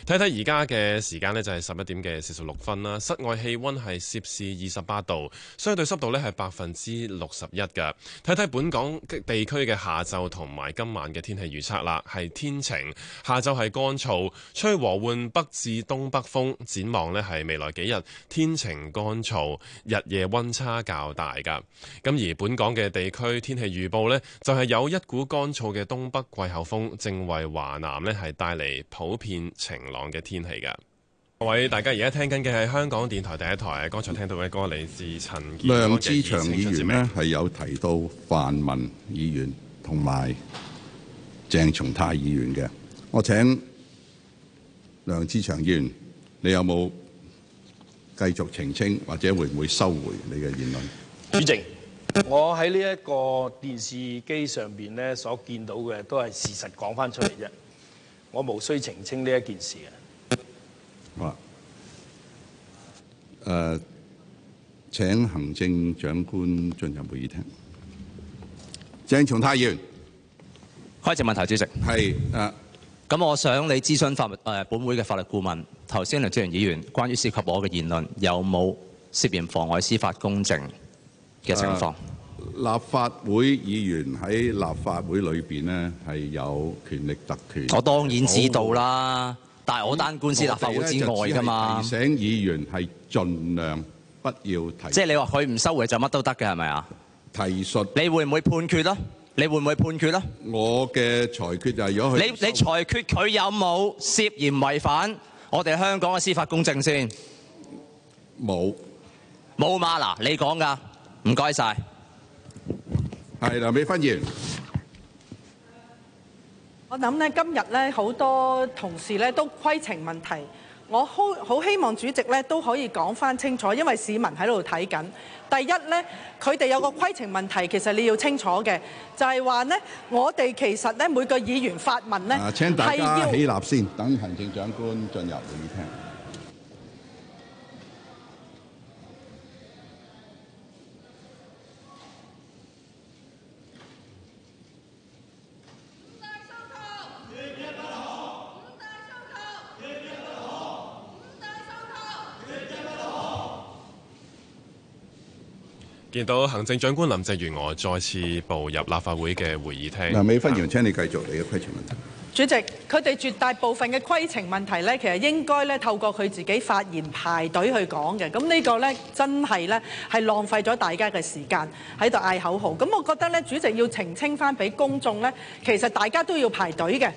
睇睇而家嘅時間呢，就係十一點嘅四十六分啦，室外氣溫係攝氏二十八度，相對濕度呢係百分之六十一噶。睇睇本港地區嘅下晝同埋今晚嘅天氣預測啦，係天晴，下晝係乾燥，吹和緩北至東北風。展望呢係未來幾日天，天晴乾燥，日夜溫差較大噶。咁而本港嘅地區天氣預報呢。就係有一股乾燥嘅東北季候風，正為華南咧係帶嚟普遍晴朗嘅天氣噶。各位大家而家聽緊嘅係香港電台第一台，剛才聽到嘅歌嚟子自陳健。梁志祥議員呢，係有提到泛民議員同埋鄭松泰議員嘅。我請梁志祥議員，你有冇繼續澄清或者會唔會收回你嘅言論？主席。我喺呢一個電視機上邊呢所見到嘅，都係事實講翻出嚟啫。我無需澄清呢一件事嘅。好啊。誒、uh,，請行政長官進入會議廳。鄭從泰議員。開始問題。主席。係。誒，咁我想你諮詢法誒、呃、本會嘅法律顧問，頭先梁志祥議員關於涉及我嘅言論，有冇涉嫌妨礙司法公正？嘅情況、啊，立法會議員喺立法會裏邊咧，係有權力特權。我當然知道啦，我但係我單官司立法會之外㗎嘛。提醒議員係儘量不要提。即係你話佢唔收回就乜都得嘅係咪啊？提述。你會唔會判決啦、啊？你會唔會判決啦、啊？我嘅裁決就係如果佢你你裁決佢有冇涉嫌違反我哋香港嘅司法公正先？冇冇嘛嗱？你講㗎？唔該晒，係梁美芬議員。我諗咧，今日咧好多同事咧都規程問題，我好好希望主席咧都可以講翻清楚，因為市民喺度睇緊。第一咧，佢哋有個規程問題，其實你要清楚嘅，就係話咧，我哋其實咧每個議員發問咧，係要請大家起立先，等行政長官進入會議廳。見到行政長官林鄭月娥再次步入立法會嘅會議廳。嗱，未分完，請你繼續你嘅規程問題。主席，佢哋絕大部分嘅規程問題呢，其實應該咧透過佢自己發言排隊去講嘅。咁呢個呢，真係呢，係浪費咗大家嘅時間喺度嗌口號。咁我覺得呢，主席要澄清翻俾公眾呢，其實大家都要排隊嘅。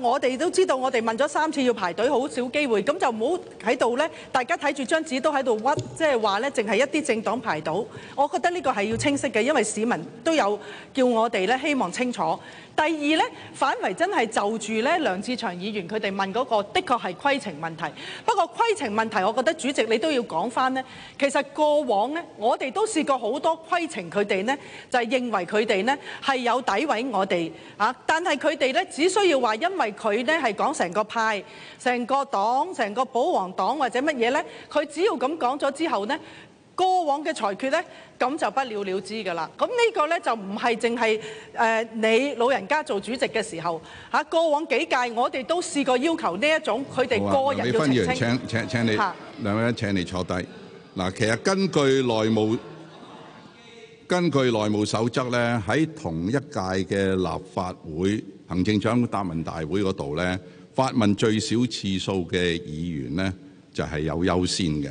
我哋都知道，我哋問咗三次要排隊，好少機會，咁就唔好喺度咧。大家睇住張紙都喺度屈，即係話咧，淨係一啲政黨排到。我覺得呢個係要清晰嘅，因為市民都有叫我哋咧，希望清楚。第二咧，反為真係就住咧梁志祥議員佢哋問嗰個，的確係規程問題。不過規程問題，我覺得主席你都要講翻咧。其實過往咧，我哋都試過好多規程，佢哋咧就係認為佢哋咧係有詆毀我哋啊。但係佢哋咧只需要話，因為佢咧係講成個派、成個黨、成個保皇黨或者乜嘢咧，佢只要咁講咗之後咧。過往嘅裁決呢，咁就不了了之㗎啦。咁呢個呢，就唔係淨係誒你老人家做主席嘅時候嚇、啊。過往幾屆我哋都試過要求呢一種佢哋個人、啊、要澄清。你分議員請,請,請你兩位、啊、請你坐低。嗱，其實根據內務根據內務守則呢，喺同一屆嘅立法會行政長答問大會嗰度呢，發問最少次數嘅議員呢，就係、是、有優先嘅。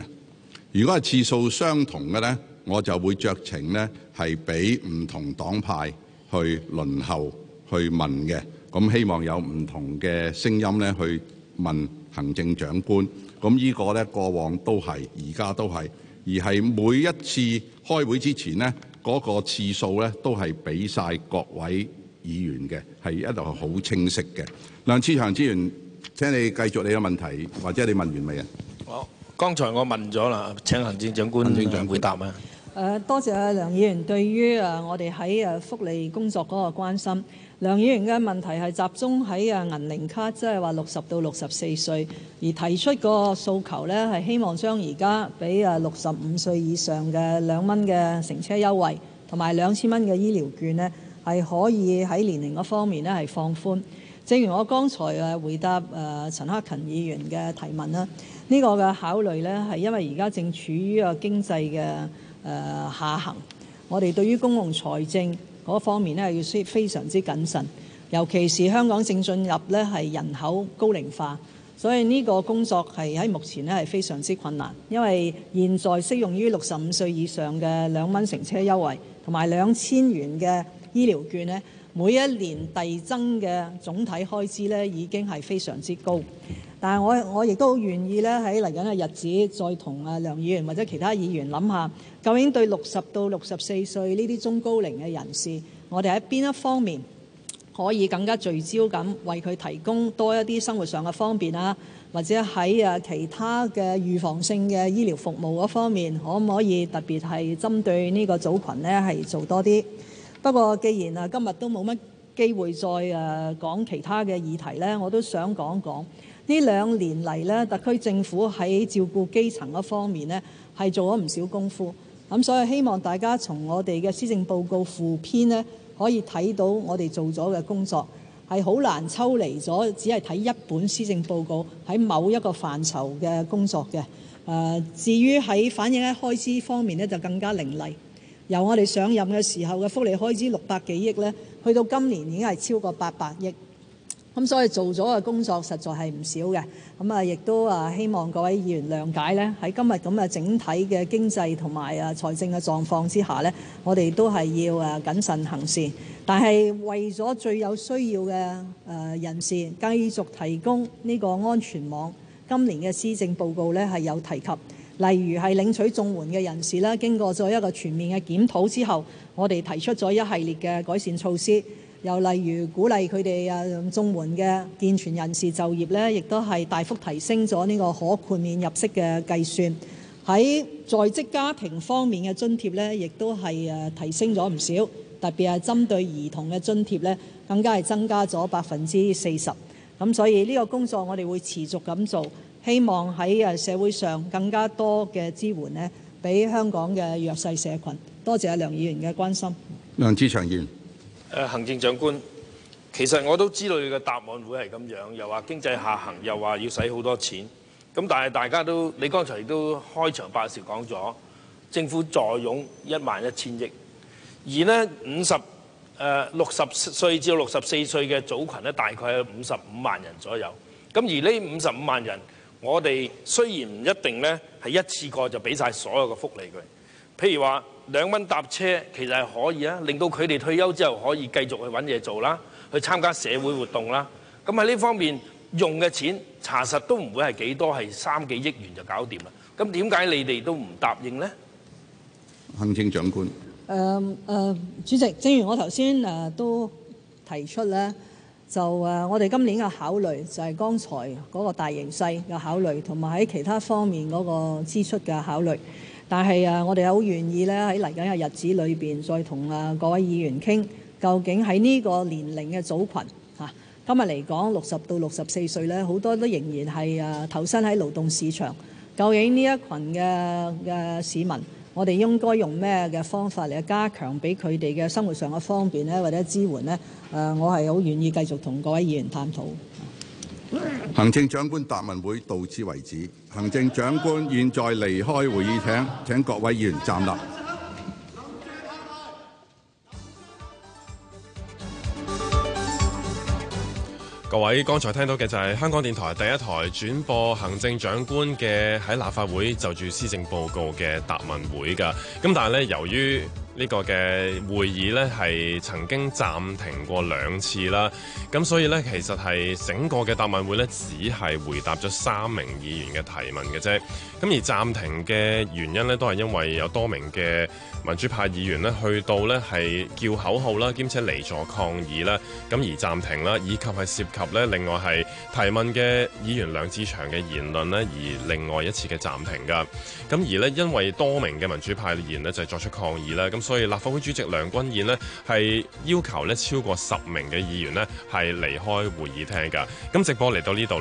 如果係次數相同嘅呢，我就會酌情呢係俾唔同黨派去輪候去問嘅。咁希望有唔同嘅聲音呢去問行政長官。咁呢個呢，過往都係，而家都係。而係每一次開會之前呢，嗰個次數呢都係俾晒各位議員嘅，係一路好清晰嘅。梁志祥議員，請你繼續你嘅問題，或者你問完未啊？好。剛才我問咗啦，請行政長官政長回答啊！誒，多謝阿梁議員對於誒我哋喺誒福利工作嗰個關心。梁議員嘅問題係集中喺啊銀齡卡，即係話六十到六十四歲，而提出個訴求呢，係希望將而家俾啊六十五歲以上嘅兩蚊嘅乘車優惠同埋兩千蚊嘅醫療券呢，係可以喺年齡嗰方面呢係放寬。正如我剛才誒回答誒陳克勤議員嘅提問啦。呢個嘅考慮呢，係因為而家正處於個經濟嘅誒下行，我哋對於公共財政嗰方面呢，係，要需非常之謹慎。尤其是香港正進入呢係人口高齡化，所以呢個工作係喺目前呢係非常之困難。因為現在適用於六十五歲以上嘅兩蚊乘車優惠同埋兩千元嘅醫療券呢，每一年遞增嘅總體開支呢已經係非常之高。但係我我亦都願意咧，喺嚟緊嘅日子，再同啊梁議員或者其他議員諗下，究竟對六十到六十四歲呢啲中高齡嘅人士，我哋喺邊一方面可以更加聚焦咁，為佢提供多一啲生活上嘅方便啊，或者喺啊其他嘅預防性嘅醫療服務嗰方面，可唔可以特別係針對呢個組群呢？係做多啲。不過，既然啊今日都冇乜機會再誒講其他嘅議題咧，我都想講講。呢兩年嚟呢，特區政府喺照顧基層嗰方面呢，係做咗唔少功夫。咁所以希望大家從我哋嘅施政報告附篇呢，可以睇到我哋做咗嘅工作係好難抽離咗，只係睇一本施政報告喺某一個範疇嘅工作嘅。誒，至於喺反映喺開支方面呢，就更加凌厲。由我哋上任嘅時候嘅福利開支六百幾億呢，去到今年已經係超過八百億。咁所以做咗嘅工作實在係唔少嘅，咁啊亦都啊希望各位議員諒解咧。喺今日咁嘅整體嘅經濟同埋啊財政嘅狀況之下咧，我哋都係要啊謹慎行事。但係為咗最有需要嘅誒人士，繼續提供呢個安全網，今年嘅施政報告咧係有提及，例如係領取綜援嘅人士啦，經過咗一個全面嘅檢討之後，我哋提出咗一系列嘅改善措施。又例如鼓勵佢哋啊綜援嘅健全人士就業呢，亦都係大幅提升咗呢個可豁免入息嘅計算。喺在職家庭方面嘅津貼呢，亦都係誒提升咗唔少，特別係針對兒童嘅津貼呢，更加係增加咗百分之四十。咁所以呢個工作我哋會持續咁做，希望喺啊社會上更加多嘅支援呢，俾香港嘅弱勢社群。多謝阿梁議員嘅關心。梁志祥議員。誒行政長官，其實我都知道你嘅答案會係咁樣，又話經濟下行，又話要使好多錢。咁但係大家都，你剛才都開場白時講咗，政府助用一萬一千億，而呢五十誒六十歲至六十四歲嘅組群，咧，大概係五十五萬人左右。咁而呢五十五萬人，我哋雖然唔一定呢係一次過就俾晒所有嘅福利佢，譬如話。兩蚊搭車其實係可以啊，令到佢哋退休之後可以繼續去揾嘢做啦，去參加社會活動啦。咁喺呢方面用嘅錢查實都唔會係幾多，係三幾億元就搞掂啦。咁點解你哋都唔答應呢？行政長官。誒誒，主席，正如我頭先誒都提出咧，就誒我哋今年嘅考慮就係剛才嗰個大形勢嘅考慮，同埋喺其他方面嗰個支出嘅考慮。但係誒，我哋好願意咧喺嚟緊嘅日子裏邊，再同啊各位議員傾究竟喺呢個年齡嘅組群。嚇，今日嚟講六十到六十四歲咧，好多都仍然係誒投身喺勞動市場。究竟呢一群嘅嘅市民，我哋應該用咩嘅方法嚟加強俾佢哋嘅生活上嘅方便呢？或者支援呢？誒，我係好願意繼續同各位議員探討。行政長官答問會到此為止，行政長官現在離開會議廳，請各位議員站立。各位剛才聽到嘅就係香港電台第一台轉播行政長官嘅喺立法會就住施政報告嘅答問會㗎，咁但係咧由於。呢個嘅會議呢，係曾經暫停過兩次啦，咁所以呢，其實係整個嘅答問會呢，只係回答咗三名議員嘅提問嘅啫。咁而暫停嘅原因咧，都係因為有多名嘅民主派議員咧，去到咧係叫口號啦，兼且離座抗議啦，咁而暫停啦，以及係涉及咧另外係提問嘅議員梁志祥嘅言論咧，而另外一次嘅暫停噶。咁而咧，因為多名嘅民主派議員咧就係作出抗議啦，咁所以立法會主席梁君彥咧係要求咧超過十名嘅議員咧係離開會議廳，噶。咁直播嚟到呢度。